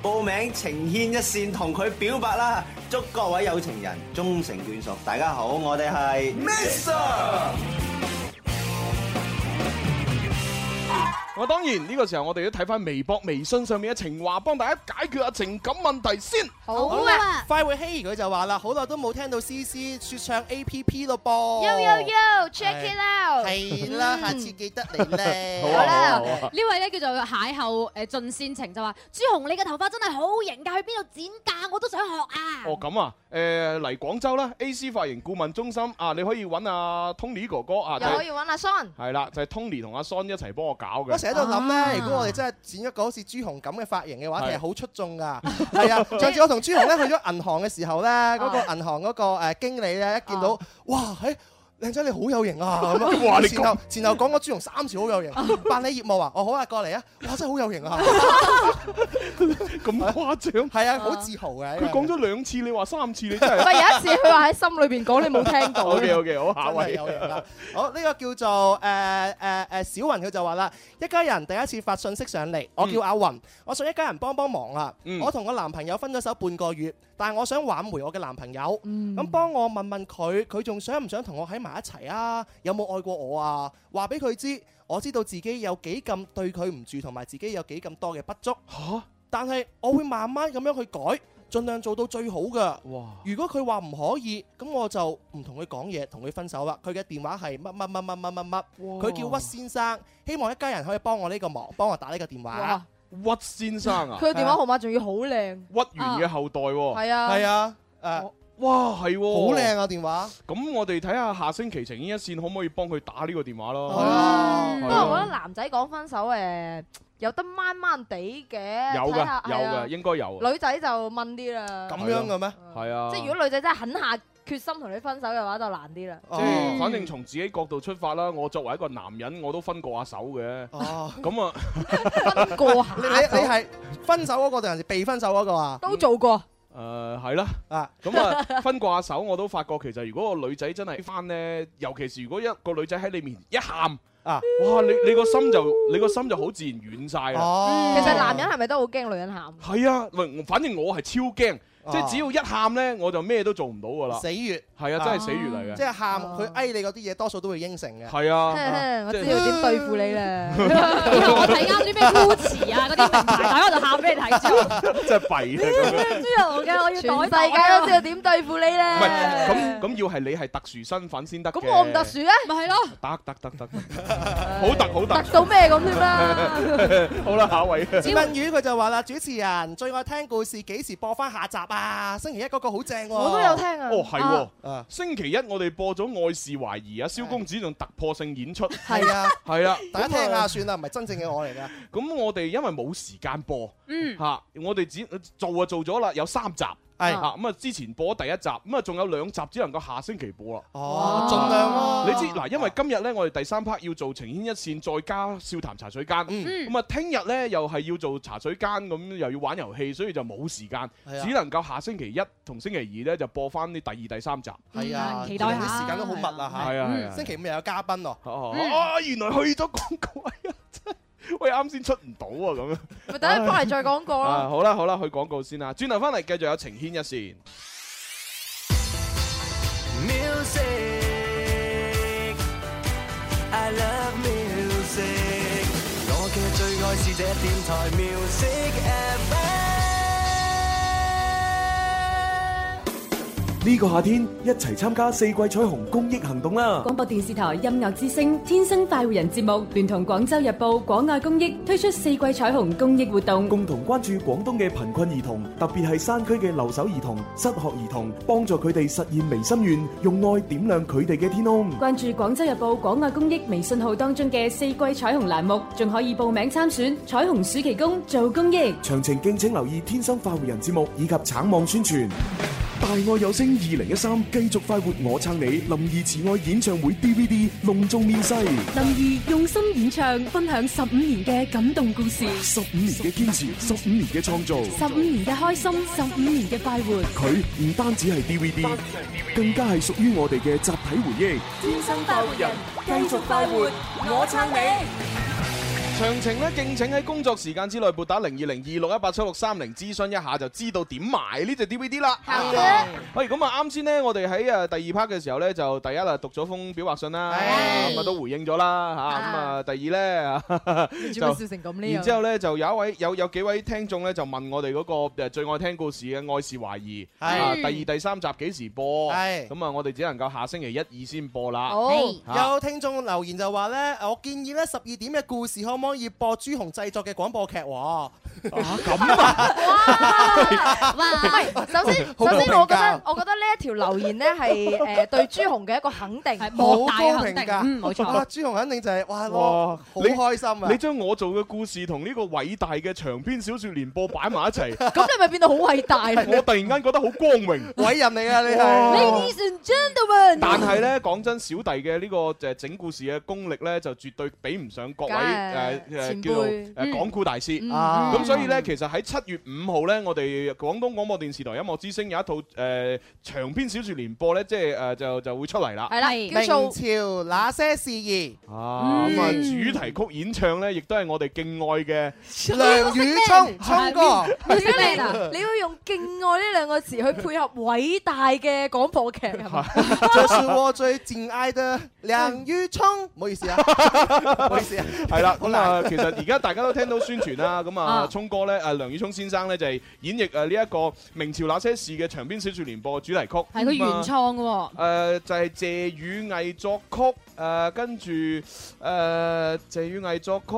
報名情牽一線，同佢表白啦！祝各位有情人終成眷屬！大家好，我哋係 Mr。 我當然呢個時候，我哋要睇翻微博、微信上面嘅情話，幫大家解決下情感問題先。好啊，快會希兒佢就話啦，好耐都冇聽到 C C 說唱 A P P 咯噃。Yo yo yo，check it out。係啦，下次記得你咧。好啦，呢位咧叫做邂逅誒進線情就話：朱紅，你嘅頭髮真係好型㗎，去邊度剪㗎？我都想學啊！哦咁啊，誒嚟廣州啦，A C 髮型顧問中心啊，你可以揾阿 Tony 哥哥啊。又可以揾阿 Son。係啦，就係 Tony 同阿 Son 一齊幫我搞嘅。喺度諗咧，如果我哋真係剪一個好似朱紅咁嘅髮型嘅話，係啊，其實好出眾噶。係 啊，上次我同朱紅咧去咗銀行嘅時候咧，嗰 個銀行嗰個誒經理咧 一見到，哇，誒、欸！靚仔，你好有型啊！咁前後前後，講我朱蓉三次好有型，辦理業務啊，哦好啊過嚟啊，哇真係好有型啊！咁誇張？係啊，好自豪嘅。佢講咗兩次，你話三次，你真係唔係有一次佢話喺心裏邊講，你冇聽到。OK OK，好夏偉有型啦。好呢個叫做誒誒誒小云，佢就話啦，一家人第一次發信息上嚟，我叫阿云，我想一家人幫幫忙啊。我同我男朋友分咗手半個月，但係我想挽回我嘅男朋友，咁幫我問問佢，佢仲想唔想同我喺埋？一齊啊！有冇愛過我啊？話俾佢知，我知道自己有幾咁對佢唔住，同埋自己有幾咁多嘅不足吓。但係我會慢慢咁樣去改，盡量做到最好噶。哇！如果佢話唔可以，咁我就唔同佢講嘢，同佢分手啦。佢嘅電話係乜乜乜乜乜乜乜，佢叫屈先生，希望一家人可以幫我呢個忙，幫我打呢個電話。屈先生啊！佢電話號碼仲要好靚，啊、屈原嘅後代。係啊，係啊，誒、啊。哇，係喎，好靚啊！電話咁，我哋睇下下星期情牽一綫可唔可以幫佢打呢個電話咯？係啊，不過我覺得男仔講分手誒，有得掹掹地嘅。有嘅，有嘅，應該有。女仔就掹啲啦。咁樣嘅咩？係啊。即係如果女仔真係狠下決心同你分手嘅話，就難啲啦。即係，反正從自己角度出發啦。我作為一個男人，我都分過下手嘅。哦，咁啊，分過下。你你係分手嗰個定係被分手嗰個啊？都做過。誒，係啦、呃，咁、嗯、啊，嗯、 分掛手我都發覺，其實如果個女仔真係翻呢，尤其是如果一個女仔喺裏面一喊啊，哇，你你個心就你個心就好自然軟晒啦。其實男人係咪都好驚女人喊？係啊，反正我係超驚，啊、即係只要一喊呢，我就咩都做唔到噶啦。係啊，真係死魚嚟嘅。即係喊佢哀你嗰啲嘢，多數都會應承嘅。係啊，我知要點對付你啦。以後我睇啱啲咩故詞啊，嗰啲名牌仔我就喊俾你睇住。真係弊咧！知道嘅，我要袋世界都知要點對付你咧。唔係，咁咁要係你係特殊身份先得嘅。咁我唔特殊咧，咪係咯。得得得得，好特好特。特到咩咁啦？好啦，下一位。子敏宇佢就話啦：主持人，最愛聽故事，幾時播翻下集啊？星期一嗰個好正喎。我都有聽啊。哦，係喎。啊！星期一我哋播咗《愛是懷疑》啊的，蕭公子仲突破性演出，係啊，係啦，大家聽下 算啦，唔係真正嘅我嚟噶。咁 我哋因為冇時間播，嗯，嚇、啊，我哋只做就做咗啦，有三集。係啊，咁啊之前播第一集，咁啊仲有兩集只能夠下星期播啦。哦，儘量咯。你知嗱，因為今日咧，我哋第三 part 要做情牽一線，再加笑談茶水間。嗯。咁啊，聽日咧又係要做茶水間，咁又要玩遊戲，所以就冇時間，只能夠下星期一同星期二咧就播翻啲第二、第三集。係啊，期待下。啲時間都好密啊，係啊。星期五又有嘉賓哦。哦，啊，原來去咗廣告啊！喂，啱先出唔到啊，咁啊，等你翻嚟再講過咯。好啦好啦，去廣告先啦，轉頭翻嚟繼續有情牽一線。Music，I love music，我嘅最愛是這電台 Music ever。呢個夏天一齊參加四季彩虹公益行動啦！廣播電視台音樂之聲天生快活人節目聯同廣州日報廣愛公益推出四季彩虹公益活動，共同關注廣東嘅貧困兒童，特別係山區嘅留守兒童、失學兒童，幫助佢哋實現微心願，用愛點亮佢哋嘅天空。關注廣州日報廣愛公益微信號當中嘅四季彩虹欄目，仲可以報名參選彩虹暑期工做公益。詳情敬請留意天生快活人節目以及橙網宣傳。大愛有聲二零一三繼續快活我撐你林儀慈愛演唱會 DVD 隆重面世，林儀用心演唱，分享十五年嘅感動故事，十五年嘅堅持，十五年嘅創造，十五年嘅開心，十五年嘅快活。佢唔單止係 DVD，更加係屬於我哋嘅集體回憶。天生快活人，繼續快活，我撐你。詳情咧，敬請喺工作時間之內撥打零二零二六一八七六三零諮詢一下，就知道點買呢隻 DVD 啦。好。喂，咁啊，啱先的、啊嗯啊、呢？我哋喺誒第二 part 嘅時候呢，就第一啊讀咗封表白信啦，咁啊都回應咗啦，嚇。咁啊，嗯、啊啊第二咧，就笑成咁呢？ 然之後呢，就有一位有有幾位聽眾呢，就問我哋嗰個最愛聽故事嘅愛是懷疑，的啊，第二第三集幾時播？係。咁啊，我哋只能夠下星期一、二先播啦。的啊、有聽眾留言就話呢，我建議呢，十二點嘅故事可唔可以？要播朱紅製作嘅廣播劇喎。嚇咁啊！哇，唔係，首先首先我覺得我覺得呢一條留言咧係誒對朱紅嘅一個肯定，係莫大肯定。嗯，冇錯。朱紅肯定就係哇，好開心啊！你將我做嘅故事同呢個偉大嘅長篇小説連播擺埋一齊，咁你咪變到好偉大咯！我突然間覺得好光榮，偉人嚟啊！你係。Ladies and gentlemen。但係咧，講真，小弟嘅呢個就係整故事嘅功力咧，就絕對比唔上各位誒誒叫做誒講古大師。咁。所以咧，其實喺七月五號咧，我哋廣東廣播電視台音樂之聲有一套誒、呃、長篇小説連播咧，即係誒、呃、就就會出嚟啦。係啦，叫做《明朝那些事兒》。啊咁啊，主題曲演唱咧，亦都係我哋敬愛嘅梁宇聰聰哥。你要用敬愛呢兩個詞去配合偉大嘅廣播劇就是我最敬愛的梁宇聰，唔好意思啊，唔、 嗯、好意思啊。係啦，咁啊，難其實而家大家都聽到宣傳啦，咁啊。聰哥咧，阿、啊、梁宇聰先生咧就係、是、演繹誒呢一個明朝那些事嘅長篇小說聯播主題曲，係佢原創噶、哦，誒、嗯啊、就係、是、謝雨毅作曲，誒、啊、跟住誒、啊、謝雨毅作曲，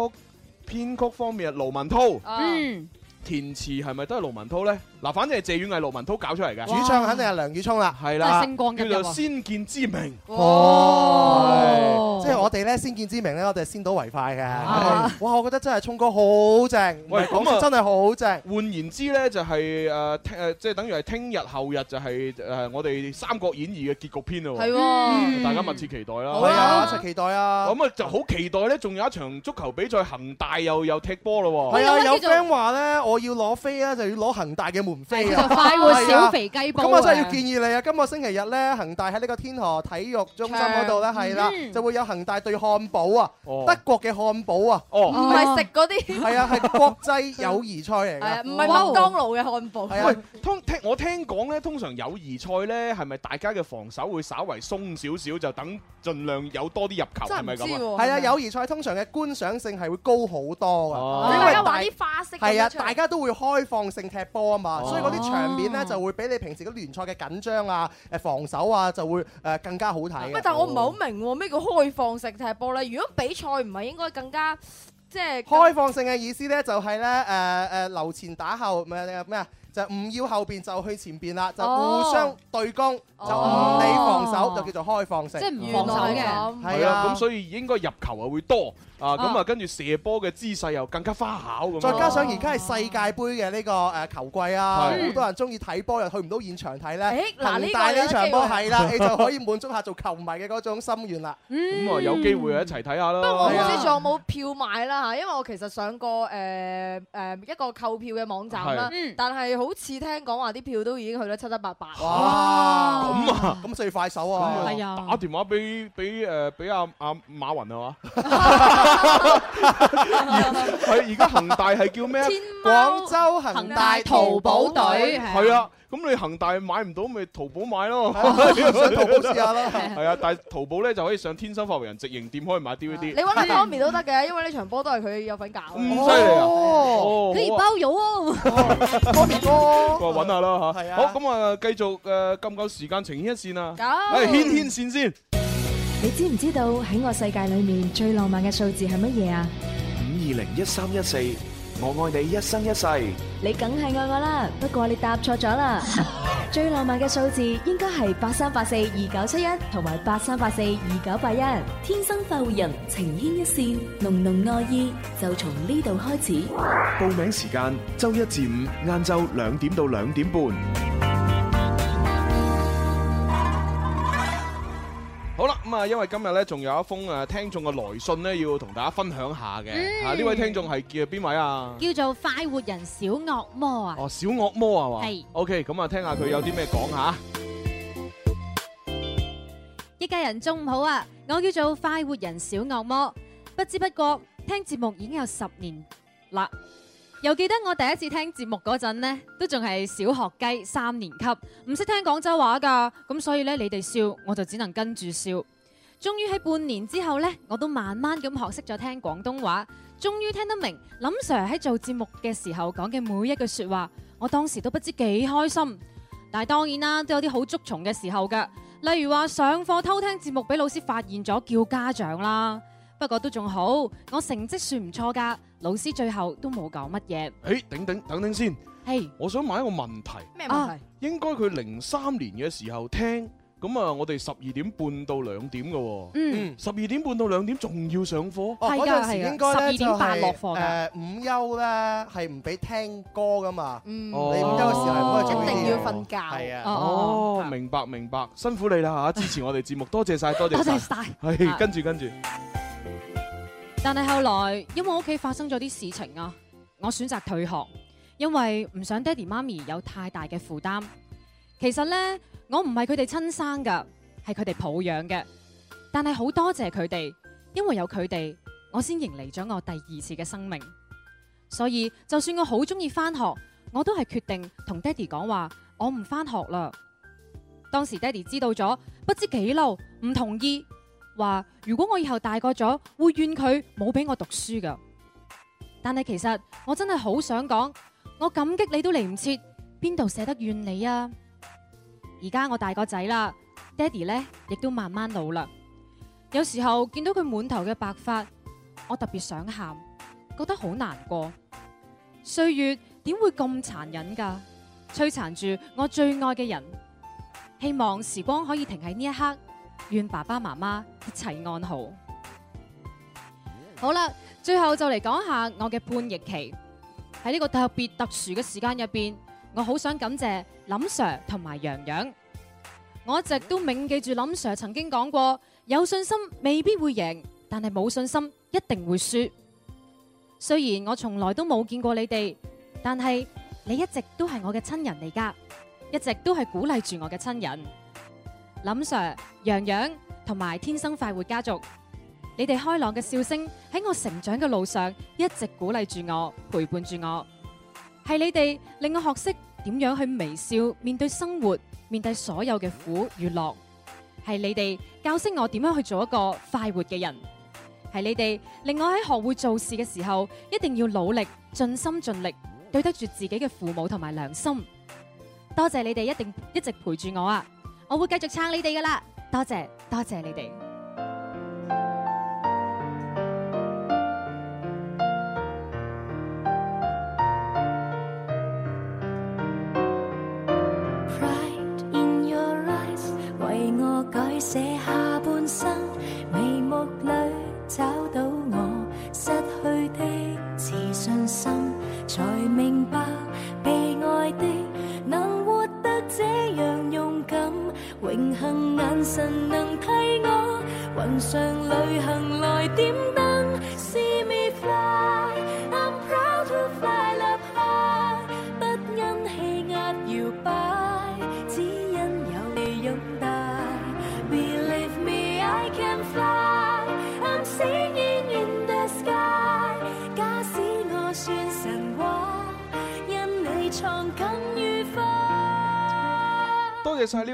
編曲方面係盧文濤。Oh. 嗯填詞係咪都係盧文濤咧？嗱，反正係謝婉瑩、盧文濤搞出嚟嘅。主唱肯定係梁宇聰啦，係啦。星光熠熠。叫做《先見之明》。哦，即係我哋咧，《先見之明》咧，我哋先睹為快嘅。哇，我覺得真係聰哥好正。喂，咁啊，真係好正。換言之咧，就係誒誒，即係等於係聽日、後日就係誒我哋《三國演義》嘅結局篇啦。係喎，大家密切期待啦。好啊，一齊期待啊！咁啊，就好期待咧，仲有一場足球比賽，恒大又又踢波啦。係啊，有 friend 話咧。我要攞飛咧，就要攞恒大嘅門飛啊！快活小肥雞！咁我真係要建議你啊！今個星期日咧，恒大喺呢個天河體育中心嗰度咧，係啦，就會有恒大對漢堡啊，德國嘅漢堡啊，唔係食嗰啲，係啊，係國際友誼賽嚟嘅。唔係麥當勞嘅漢堡。喂，通聽我聽講咧，通常友誼賽咧，係咪大家嘅防守會稍為鬆少少，就等盡量有多啲入球係咪咁啊？係啊，友誼賽通常嘅觀賞性係會高好多㗎，因為啲花式係啊，大家。而家都會開放性踢波啊嘛，所以嗰啲場面咧就會比你平時嘅聯賽嘅緊張啊、誒防守啊，就會誒更加好睇嘅喂，但我唔係好明咩叫開放性踢波咧？如果比賽唔係應該更加即係開放性嘅意思咧，就係咧誒誒，留前打後唔係咩啊？就唔要後邊就去前邊啦，就互相對攻，就唔理防守，就叫做開放性。即係唔防守嘅係啊，咁所以應該入球啊會多。啊，咁啊，跟住射波嘅姿勢又更加花巧咁。再加上而家係世界盃嘅呢個誒球季啊，好多人中意睇波又去唔到現場睇咧。嗱呢但呢場波係啦，你就可以滿足下做球迷嘅嗰種心願啦。咁啊，有機會一齊睇下咯。不過我唔知仲有冇票買啦嚇，因為我其實上過誒誒一個購票嘅網站啦，但係好似聽講話啲票都已經去得七七八八。哇！咁啊，咁四快手啊，打電話俾俾誒俾阿阿馬雲啊嘛。佢而家恒大係叫咩？廣州恒大淘寶隊係啊，咁你恒大買唔到，咪淘寶買咯，type, 上淘寶試下咯。係啊，但係淘寶咧就可以上天生髮藝人直營店可以買 D V D。你搵阿 Tommy 都得嘅，因為呢場波都係佢有份搞。唔犀利啊！可以包咗哦，Tommy 哥，我搵下啦吓。係、哦、啊。好，咁啊，繼續誒，咁夠時間，情牽一線啊，係、UH!，天天線先。你知唔知道喺我世界裏面最浪漫嘅數字係乜嘢啊？五二零一三一四，我愛你一生一世。你梗係愛我啦，不過你答錯咗啦。最浪漫嘅數字應該係八三八四二九七一，同埋八三八四二九八一。天生快活人，情牽一線，濃濃愛意就從呢度開始。報名時間周一至五晏晝兩點到兩點半。啊，因為今日咧仲有一封誒聽眾嘅來信咧，要同大家分享下嘅。啊，呢位聽眾係叫邊位啊？叫做快活人小惡魔啊？哦，小惡魔係嘛？係。O K，咁啊，okay, 聽，聽下佢有啲咩講吓。一家人仲唔好啊？我叫做快活人小惡魔，不知不覺聽節目已經有十年啦。又記得我第一次聽節目嗰陣呢，都仲係小學雞三年級，唔識聽廣州話噶。咁所以呢，你哋笑我就只能跟住笑。終於喺半年之後呢，我都慢慢咁學識咗聽廣東話，終於聽得明林 Sir 喺做節目嘅時候講嘅每一句説話，我當時都不知幾開心。但係當然啦，都有啲好捉蟲嘅時候㗎，例如話上課偷聽節目俾老師發現咗，叫家長啦。不過都仲好，我成績算唔錯㗎，老師最後都冇講乜嘢。誒、哎，等等等等先，誒，Hey, 我想問一個問題，咩問題？啊、應該佢零三年嘅時候聽。咁啊，我哋十二點半到兩點嘅，嗯，十二點半到兩點仲要上課。係應該，十二點半落課嘅。誒，午休咧係唔俾聽歌噶嘛，你午休嘅時候唔可以做呢啲，一定要瞓覺。係啊，哦，明白明白，辛苦你啦吓，支持我哋節目，多謝晒，多謝晒。係跟住跟住。但係後來，因為我屋企發生咗啲事情啊，我選擇退學，因為唔想爹哋媽咪有太大嘅負擔。其實咧。我唔係佢哋親生噶，係佢哋抱養嘅。但係好多謝佢哋，因為有佢哋，我先迎嚟咗我第二次嘅生命。所以就算我好鍾意翻學，我都係決定同爹哋講話，我唔翻學啦。當時爹哋知道咗，不知幾嬲，唔同意，話如果我以後大個咗，會怨佢冇俾我讀書噶。但係其實我真係好想講，我感激你都嚟唔切，邊度捨得怨你啊？而家我大個仔啦，爹哋咧亦都慢慢老啦。有時候見到佢滿頭嘅白髮，我特別想喊，覺得好難過。歲月點會咁殘忍噶？摧殘住我最愛嘅人。希望時光可以停喺呢一刻，願爸爸媽媽一切安、嗯、好。好啦，最後就嚟講下我嘅叛逆期。喺呢個特別特殊嘅時間入邊。我好想感謝林 Sir 同埋洋洋，我一直都銘記住林 Sir 曾經講過：有信心未必會贏，但係冇信心一定會輸。雖然我從來都冇見過你哋，但係你一直都係我嘅親人嚟噶，一直都係鼓勵住我嘅親人。林 Sir、洋洋同埋天生快活家族，你哋開朗嘅笑聲喺我成長嘅路上一直鼓勵住我，陪伴住我。係你哋令我學識點樣去微笑，面對生活，面對所有嘅苦與樂。係你哋教識我點樣去做一個快活嘅人。係你哋令我喺學會做事嘅時候，一定要努力盡心盡力，對得住自己嘅父母同埋良心。多謝你哋一定一直陪住我啊！我會繼續撐你哋㗎喇，多謝多謝你哋。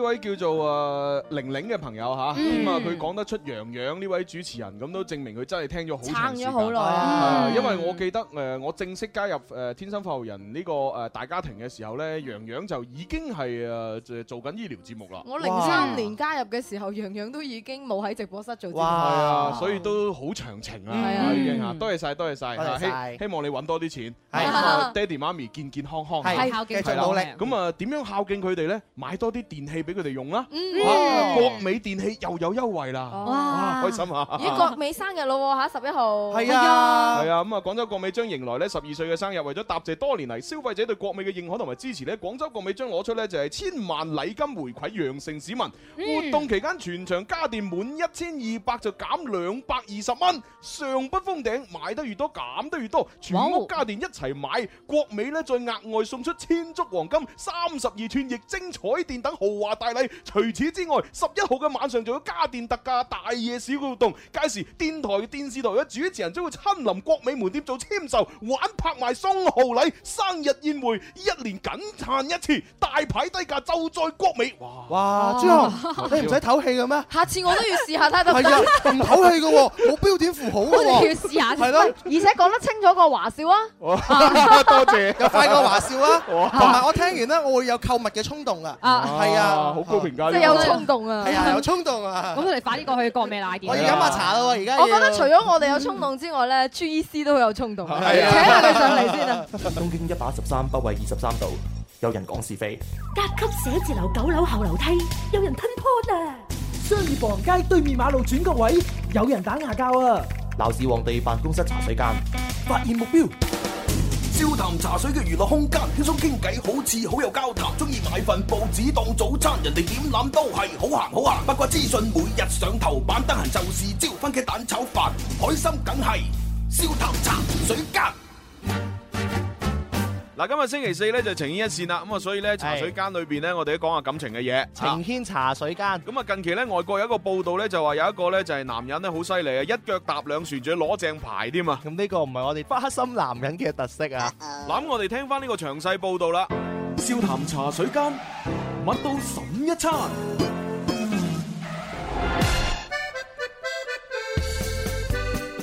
位叫做誒玲玲嘅朋友嚇，咁啊佢講得出楊洋呢位主持人，咁都證明佢真係聽咗好長時間。撐咗好耐啊！因為我記得誒，我正式加入誒天生快活人呢個誒大家庭嘅時候咧，楊洋就已經係誒做緊醫療節目啦。我零三年加入嘅時候，楊洋都已經冇喺直播室做節目。係啊，所以都好長情啦。已經嚇，多謝曬，多謝曬。希望你揾多啲錢，爹哋媽咪健健康康，繼續努力。咁啊，點樣孝敬佢哋咧？買多啲電器俾佢哋用啦，哇國美電器又有優惠啦，哇！開心嚇！咦，國美生日咯，啊，嚇十一號，係啊，係啊。咁啊，嗯，廣州國美將迎來呢十二歲嘅生日。為咗答謝多年嚟消費者對國美嘅認可同埋支持呢，廣州國美將攞出呢就係、是，千萬禮金回饋羊城市民。嗯、活動期間全場家電滿一千二百就減兩百二十蚊，上不封頂，買得越多減得越多，全屋家電一齊買，國美呢再額外送出千足黃金、三十二寸液晶彩電等豪華大除此之外，十一號嘅晚上仲有家電特價大夜市活動，屆時電台嘅電視台嘅主持人將會親臨國美門店做簽售、玩拍賣、送豪禮、生日宴會，一年僅限一次，大牌低價就在國美。哇！哇！啊啊、你唔使抖氣嘅咩？下次我都要試下睇下。係啊，唔抖氣嘅，冇標點符號嘅。 我哋要試下。係咯、啊，而且講得清楚過華少啊！多謝、啊、 又快過華少啊！同埋我聽完呢，我會有購物嘅衝動噶。啊，係啊。啊啊啊好高評價，即係有衝動啊！係啊，有衝動啊！咁我哋快啲過去幹咩奶茶？我要飲下茶咯，而家。我覺得除咗我哋有衝動之外咧，朱醫師都好有衝動。請下佢上嚟先啊！東經一百十三，北緯二十三度，有人講是非。甲級寫字樓九樓後樓梯，有人吞 Pan 啊！商業步行街對面馬路轉角位，有人打牙膠啊！鬧市旺地辦公室茶水間，發現目標。笑談茶水嘅娛樂空間，輕鬆傾偈好似好有交談，中意買份報紙當早餐，人哋點諗都係好行好行，八卦資訊每日上頭版，得閒就是招蕃茄蛋炒飯，開心梗係，笑談茶水間。嗱，今日星期四咧就情牽一線啦，咁啊，所以咧茶水間裏邊咧，我哋都講下感情嘅嘢。情牽茶水間。咁啊，近期咧外國有一個報道咧，就話有一個咧就係男人咧好犀利啊，一腳踏兩船仲要攞正牌添啊！咁呢個唔係我哋花心男人嘅特色啊？嗱，我哋聽翻呢個詳細報道啦。笑談茶水間，乜都審一餐。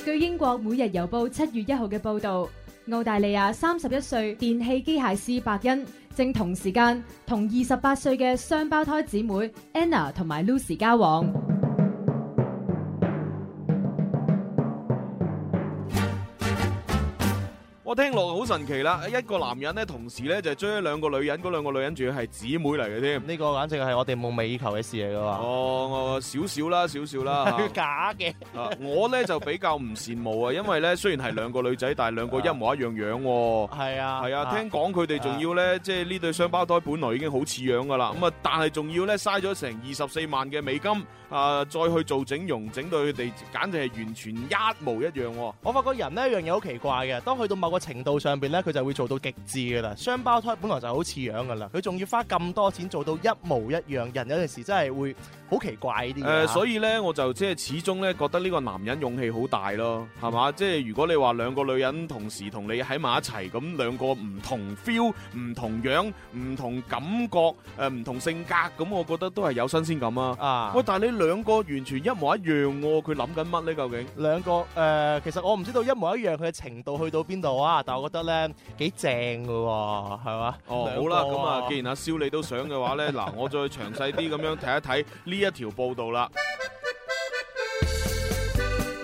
據英國每日郵報七月一號嘅報道。澳大利亞三十一歲電器機械師伯恩，正同時間同二十八歲嘅雙胞胎姊妹 Anna 同埋 Lucy 交往。聽落好神奇啦！一個男人咧，同時咧就追兩個女人，嗰兩個女人仲要係姊妹嚟嘅添。呢個簡直係我哋夢寐以求嘅事嚟噶嘛？哦，我少少啦，少少啦。假嘅。啊，我咧就比較唔羨慕啊，因為咧雖然係兩個女仔，但係兩個一模一樣樣。係啊。係啊，聽講佢哋仲要咧，即係呢對雙胞胎本來已經好似樣噶啦，咁啊，但係仲要咧嘥咗成二十四萬嘅美金啊，再去做整容，整到佢哋簡直係完全一模一樣。我發覺人咧一樣嘢好奇怪嘅，當去到某個程度上邊呢，佢就會做到極致㗎喇。雙胞胎本來就好似樣㗎喇，佢仲要花咁多錢做到一模一樣，人有陣時真係會。好奇怪啲嘅、呃，所以咧我就即係始終咧覺得呢個男人勇氣好大咯，係嘛？即係如果你話兩個女人同時你同你喺埋一齊，咁兩個唔同 feel、唔同樣、唔同感覺、誒唔同性格，咁、呃、我覺得都係有新鮮感啊。啊！喂，但係你兩個完全一模一樣喎、啊，佢諗緊乜呢？究竟兩個誒、呃，其實我唔知道一模一樣佢嘅程度去到邊度啊，但係我覺得咧幾正㗎喎、啊，係嘛？哦，好啦，咁啊，既然阿蕭你都想嘅話咧，嗱，我再詳細啲咁樣睇一睇。呢一條報道啦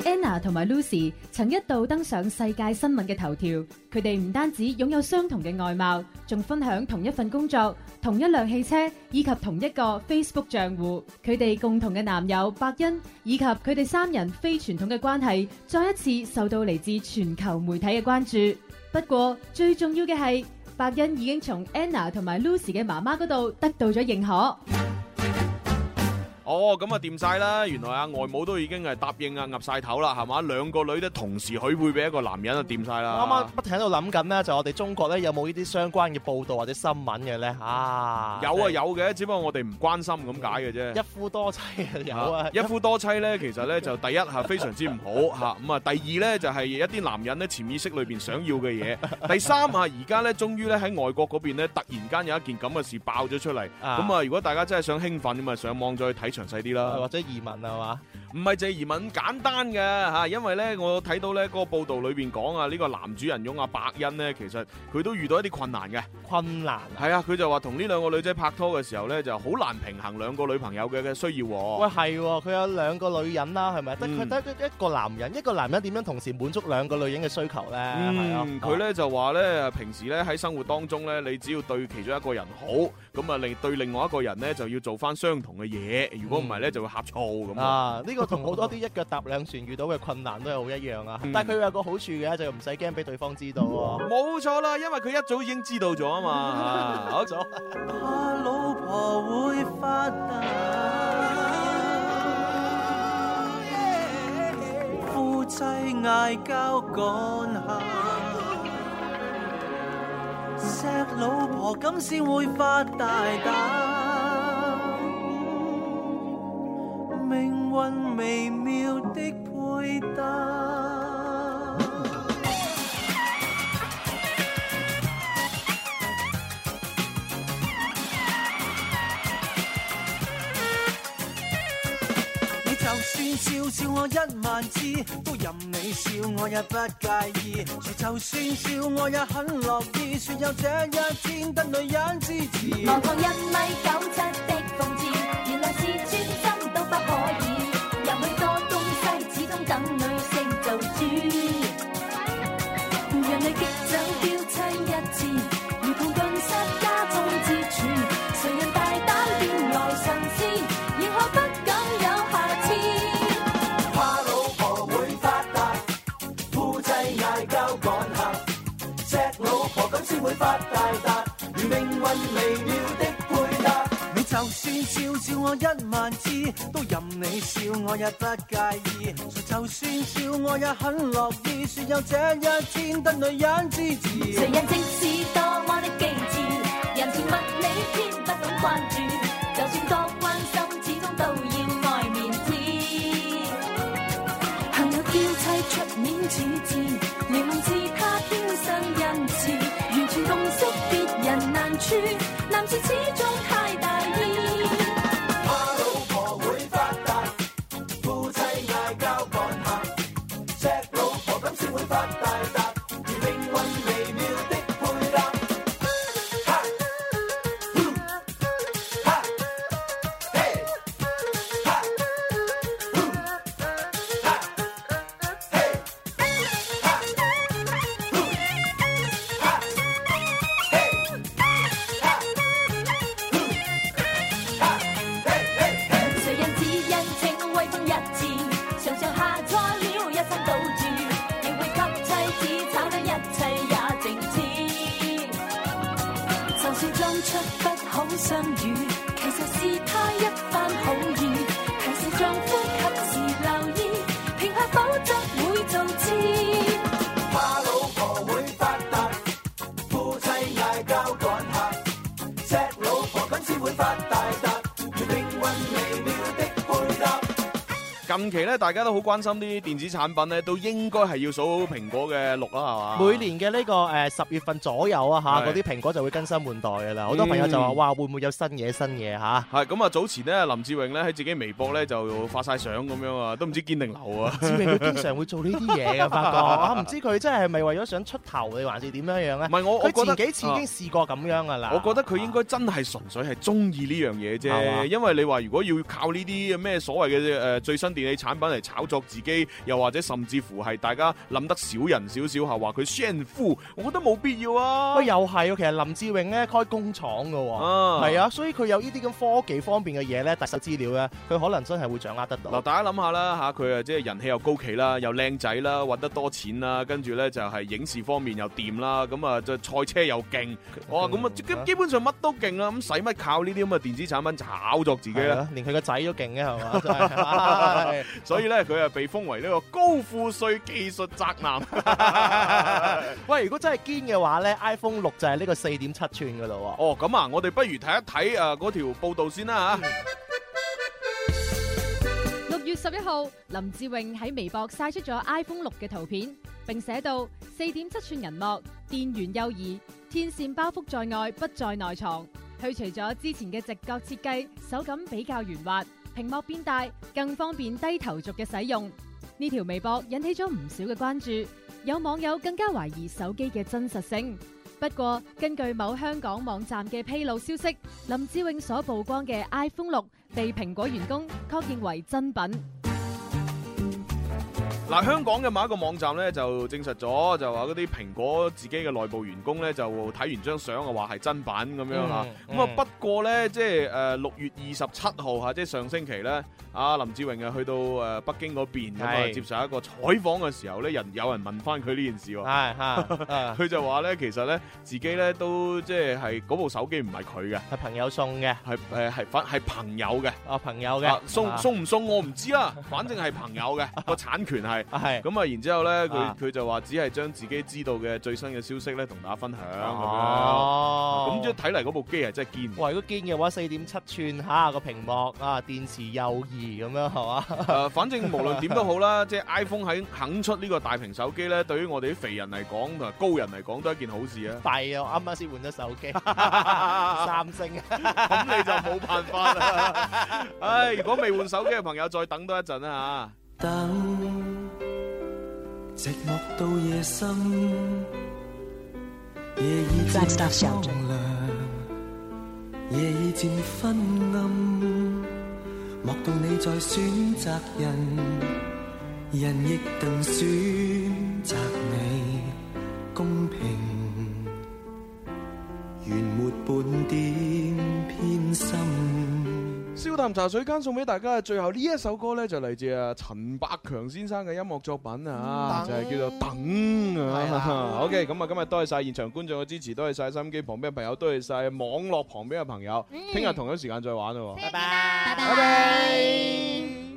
，Anna 同埋 Lucy 曾一度登上世界新聞嘅頭條。佢哋唔單止擁有相同嘅外貌，仲分享同一份工作、同一輛汽車以及同一個 Facebook 賬戶。佢哋共同嘅男友白恩以及佢哋三人非傳統嘅關係，再一次受到嚟自全球媒體嘅關注。不過最重要嘅係，白恩已經從 Anna 同埋 Lucy 嘅媽媽嗰度得到咗認可。哦，咁啊掂晒啦！原來阿外母都已經係答應啊，岌晒頭啦，係嘛？兩個女都同時許配俾一個男人啊，掂晒啦！啱啱不停喺度諗緊呢，就我哋中國咧有冇呢啲相關嘅報道或者新聞嘅咧？啊，有啊是有嘅，只不過我哋唔關心咁解嘅啫。一夫多妻啊，有啊！啊一夫多妻咧，其實咧就第一係非常之唔好嚇，咁 啊第二咧就係、是、一啲男人咧潛意識裏邊想要嘅嘢。第三啊，而家咧終於咧喺外國嗰邊咧突然間有一件咁嘅事爆咗出嚟，咁啊如果大家真係想興奮咁啊上網再去睇詳細啲啦，或者移民啊，係嘛？唔係借疑問簡單嘅嚇、啊，因為咧我睇到咧嗰、那個報道裏邊講啊，呢、這個男主人翁阿伯恩呢，其實佢都遇到一啲困難嘅。困難啊！係啊，佢就話同呢兩個女仔拍拖嘅時候咧，就好難平衡兩個女朋友嘅嘅需要、啊。喂，係喎、啊，佢有兩個女人啦、啊，係咪？得佢得一個男人，一個男人點樣同時滿足兩個女人嘅需求咧？嗯、啊，佢咧、嗯、就話咧，平時咧喺生活當中咧，你只要對其中一個人好，咁啊另對另外一個人咧就要做翻相同嘅嘢，如果唔係咧就會呷醋咁、嗯、啊。呢、啊、個同好 多啲一腳踏兩船遇到嘅困難都係好一樣啊！嗯、但係佢有個好處嘅就唔使驚俾對方知道喎、啊。冇 錯啦，因為佢一早已經知道咗啊嘛。好咗。 命運微妙的配搭， 你就算笑笑我一萬次，都任你笑我也不介意。説就算笑我也很樂意，說有這一天得女人支持。我旁一米九七的諷刺，原來是我一萬次都任你笑，我也不介意。誰就算笑我也很樂意。説有這一天得女人支持，誰人正是多麼的機智，人情物理，偏不懂關注。就算多關心，始終都要愛面子。朋友嬌妻出面處置，憐憫似他天生恩慈，完全共識別人難處。近期咧，大家都好關心啲電子產品咧，都應該係要數好蘋果嘅六啦，係嘛？每年嘅呢、這個誒十、呃、月份左右啊，嚇嗰啲蘋果就會更新換代噶啦。好、嗯、多朋友就話：哇，會唔會有新嘢新嘢嚇？係咁啊、嗯！早前咧，林志穎咧喺自己微博咧就發晒相咁樣啊，都唔知堅定流啊！志穎佢經常會做呢啲嘢啊，發覺啊，唔 知佢真係係咪為咗想出頭，定還是點樣樣咧？唔係我，佢前幾次已經、啊、試過咁樣噶啦。我覺得佢應該真係純粹係中意呢樣嘢啫，吧因為你話如果要靠呢啲咩所謂嘅誒最新電產品嚟炒作自己，又或者甚至乎係大家諗得少人少少吓，話佢炫富，我覺得冇必要啊。喂，又係啊，其實林志穎咧開工廠噶，係啊，啊，所以佢有呢啲咁科技方面嘅嘢咧，第一手資料咧，佢可能真係會掌握得到。嗱，大家諗下啦吓，佢啊即係人氣又高企啦，又靚仔啦，揾得多錢啦，跟住咧就係影視方面又掂啦，咁啊就賽車又勁，哇、嗯，咁啊基基本上乜都勁啦，咁使乜靠呢啲咁嘅電子產品炒作自己啊？連佢個仔都勁嘅係嘛？ 所以咧，佢啊被封為呢個高富帥技術宅男 。喂，如果真係堅嘅話咧，iPhone 六就係呢個四點七寸噶咯。哦，咁啊，我哋不如睇一睇誒嗰條報道先啦吓。六、嗯、月十一號，林志穎喺微博曬出咗 iPhone 六嘅圖片，並寫到：四點七寸銀幕，電源優異，天線包覆在外，不在內藏，去除咗之前嘅直角設計，手感比較圓滑。屏幕變大，更方便低頭族嘅使用。呢條微博引起咗唔少嘅關注，有網友更加懷疑手機嘅真實性。不過，根據某香港網站嘅披露消息，林志穎所曝光嘅 iPhone 六被蘋果員工確認為真品。嗱、啊，香港嘅某一個網站咧就證實咗，就話嗰啲蘋果自己嘅內部員工咧就睇完張相啊，話係真版咁樣嚇。咁啊不過咧，即係誒六月二十七號嚇，即係上星期咧。阿林志穎啊，去到誒北京嗰邊是接受一個採訪嘅時候咧，人有人問翻佢呢件事喎，佢就話咧，其實咧自己咧都即係係嗰部手機唔係佢嘅，係朋友送嘅，係誒係反係朋友嘅，啊、哦、朋友嘅、啊，送、啊、送唔送我唔知啦，反正係朋友嘅 個產權係，咁是啊然之後咧，佢佢就話只係將自己知道嘅最新嘅消息咧，同大家分享咁樣，咁即睇嚟嗰部機係真係堅，哇！如果堅嘅話，四點七寸嚇個屏幕啊，電池又咁樣係嘛、呃？反正無論點都好啦， 即係 iPhone 喺肯出呢個大屏手機咧，對於我哋啲肥人嚟講同埋高人嚟講都係一件好事啊！廢咗，啱啱先換咗手機， 三星，咁你就冇辦法啦。唉，如果未換手機嘅朋友，再等多一陣啦嚇。啊、等寂寞到夜深，夜已漸霜涼，夜已漸昏暗。莫道你在選擇人，人亦能選擇你，公平，原沒半點偏心。笑談茶水間送俾大家嘅最後呢一首歌呢，就嚟自啊陳百強先生嘅音樂作品啊，就係叫做等啊。OK，咁啊今日多謝晒現場觀眾嘅支持，多謝晒收音機旁邊嘅朋友，多謝晒網絡旁邊嘅朋友。聽日同一時間再玩咯，拜拜，拜拜。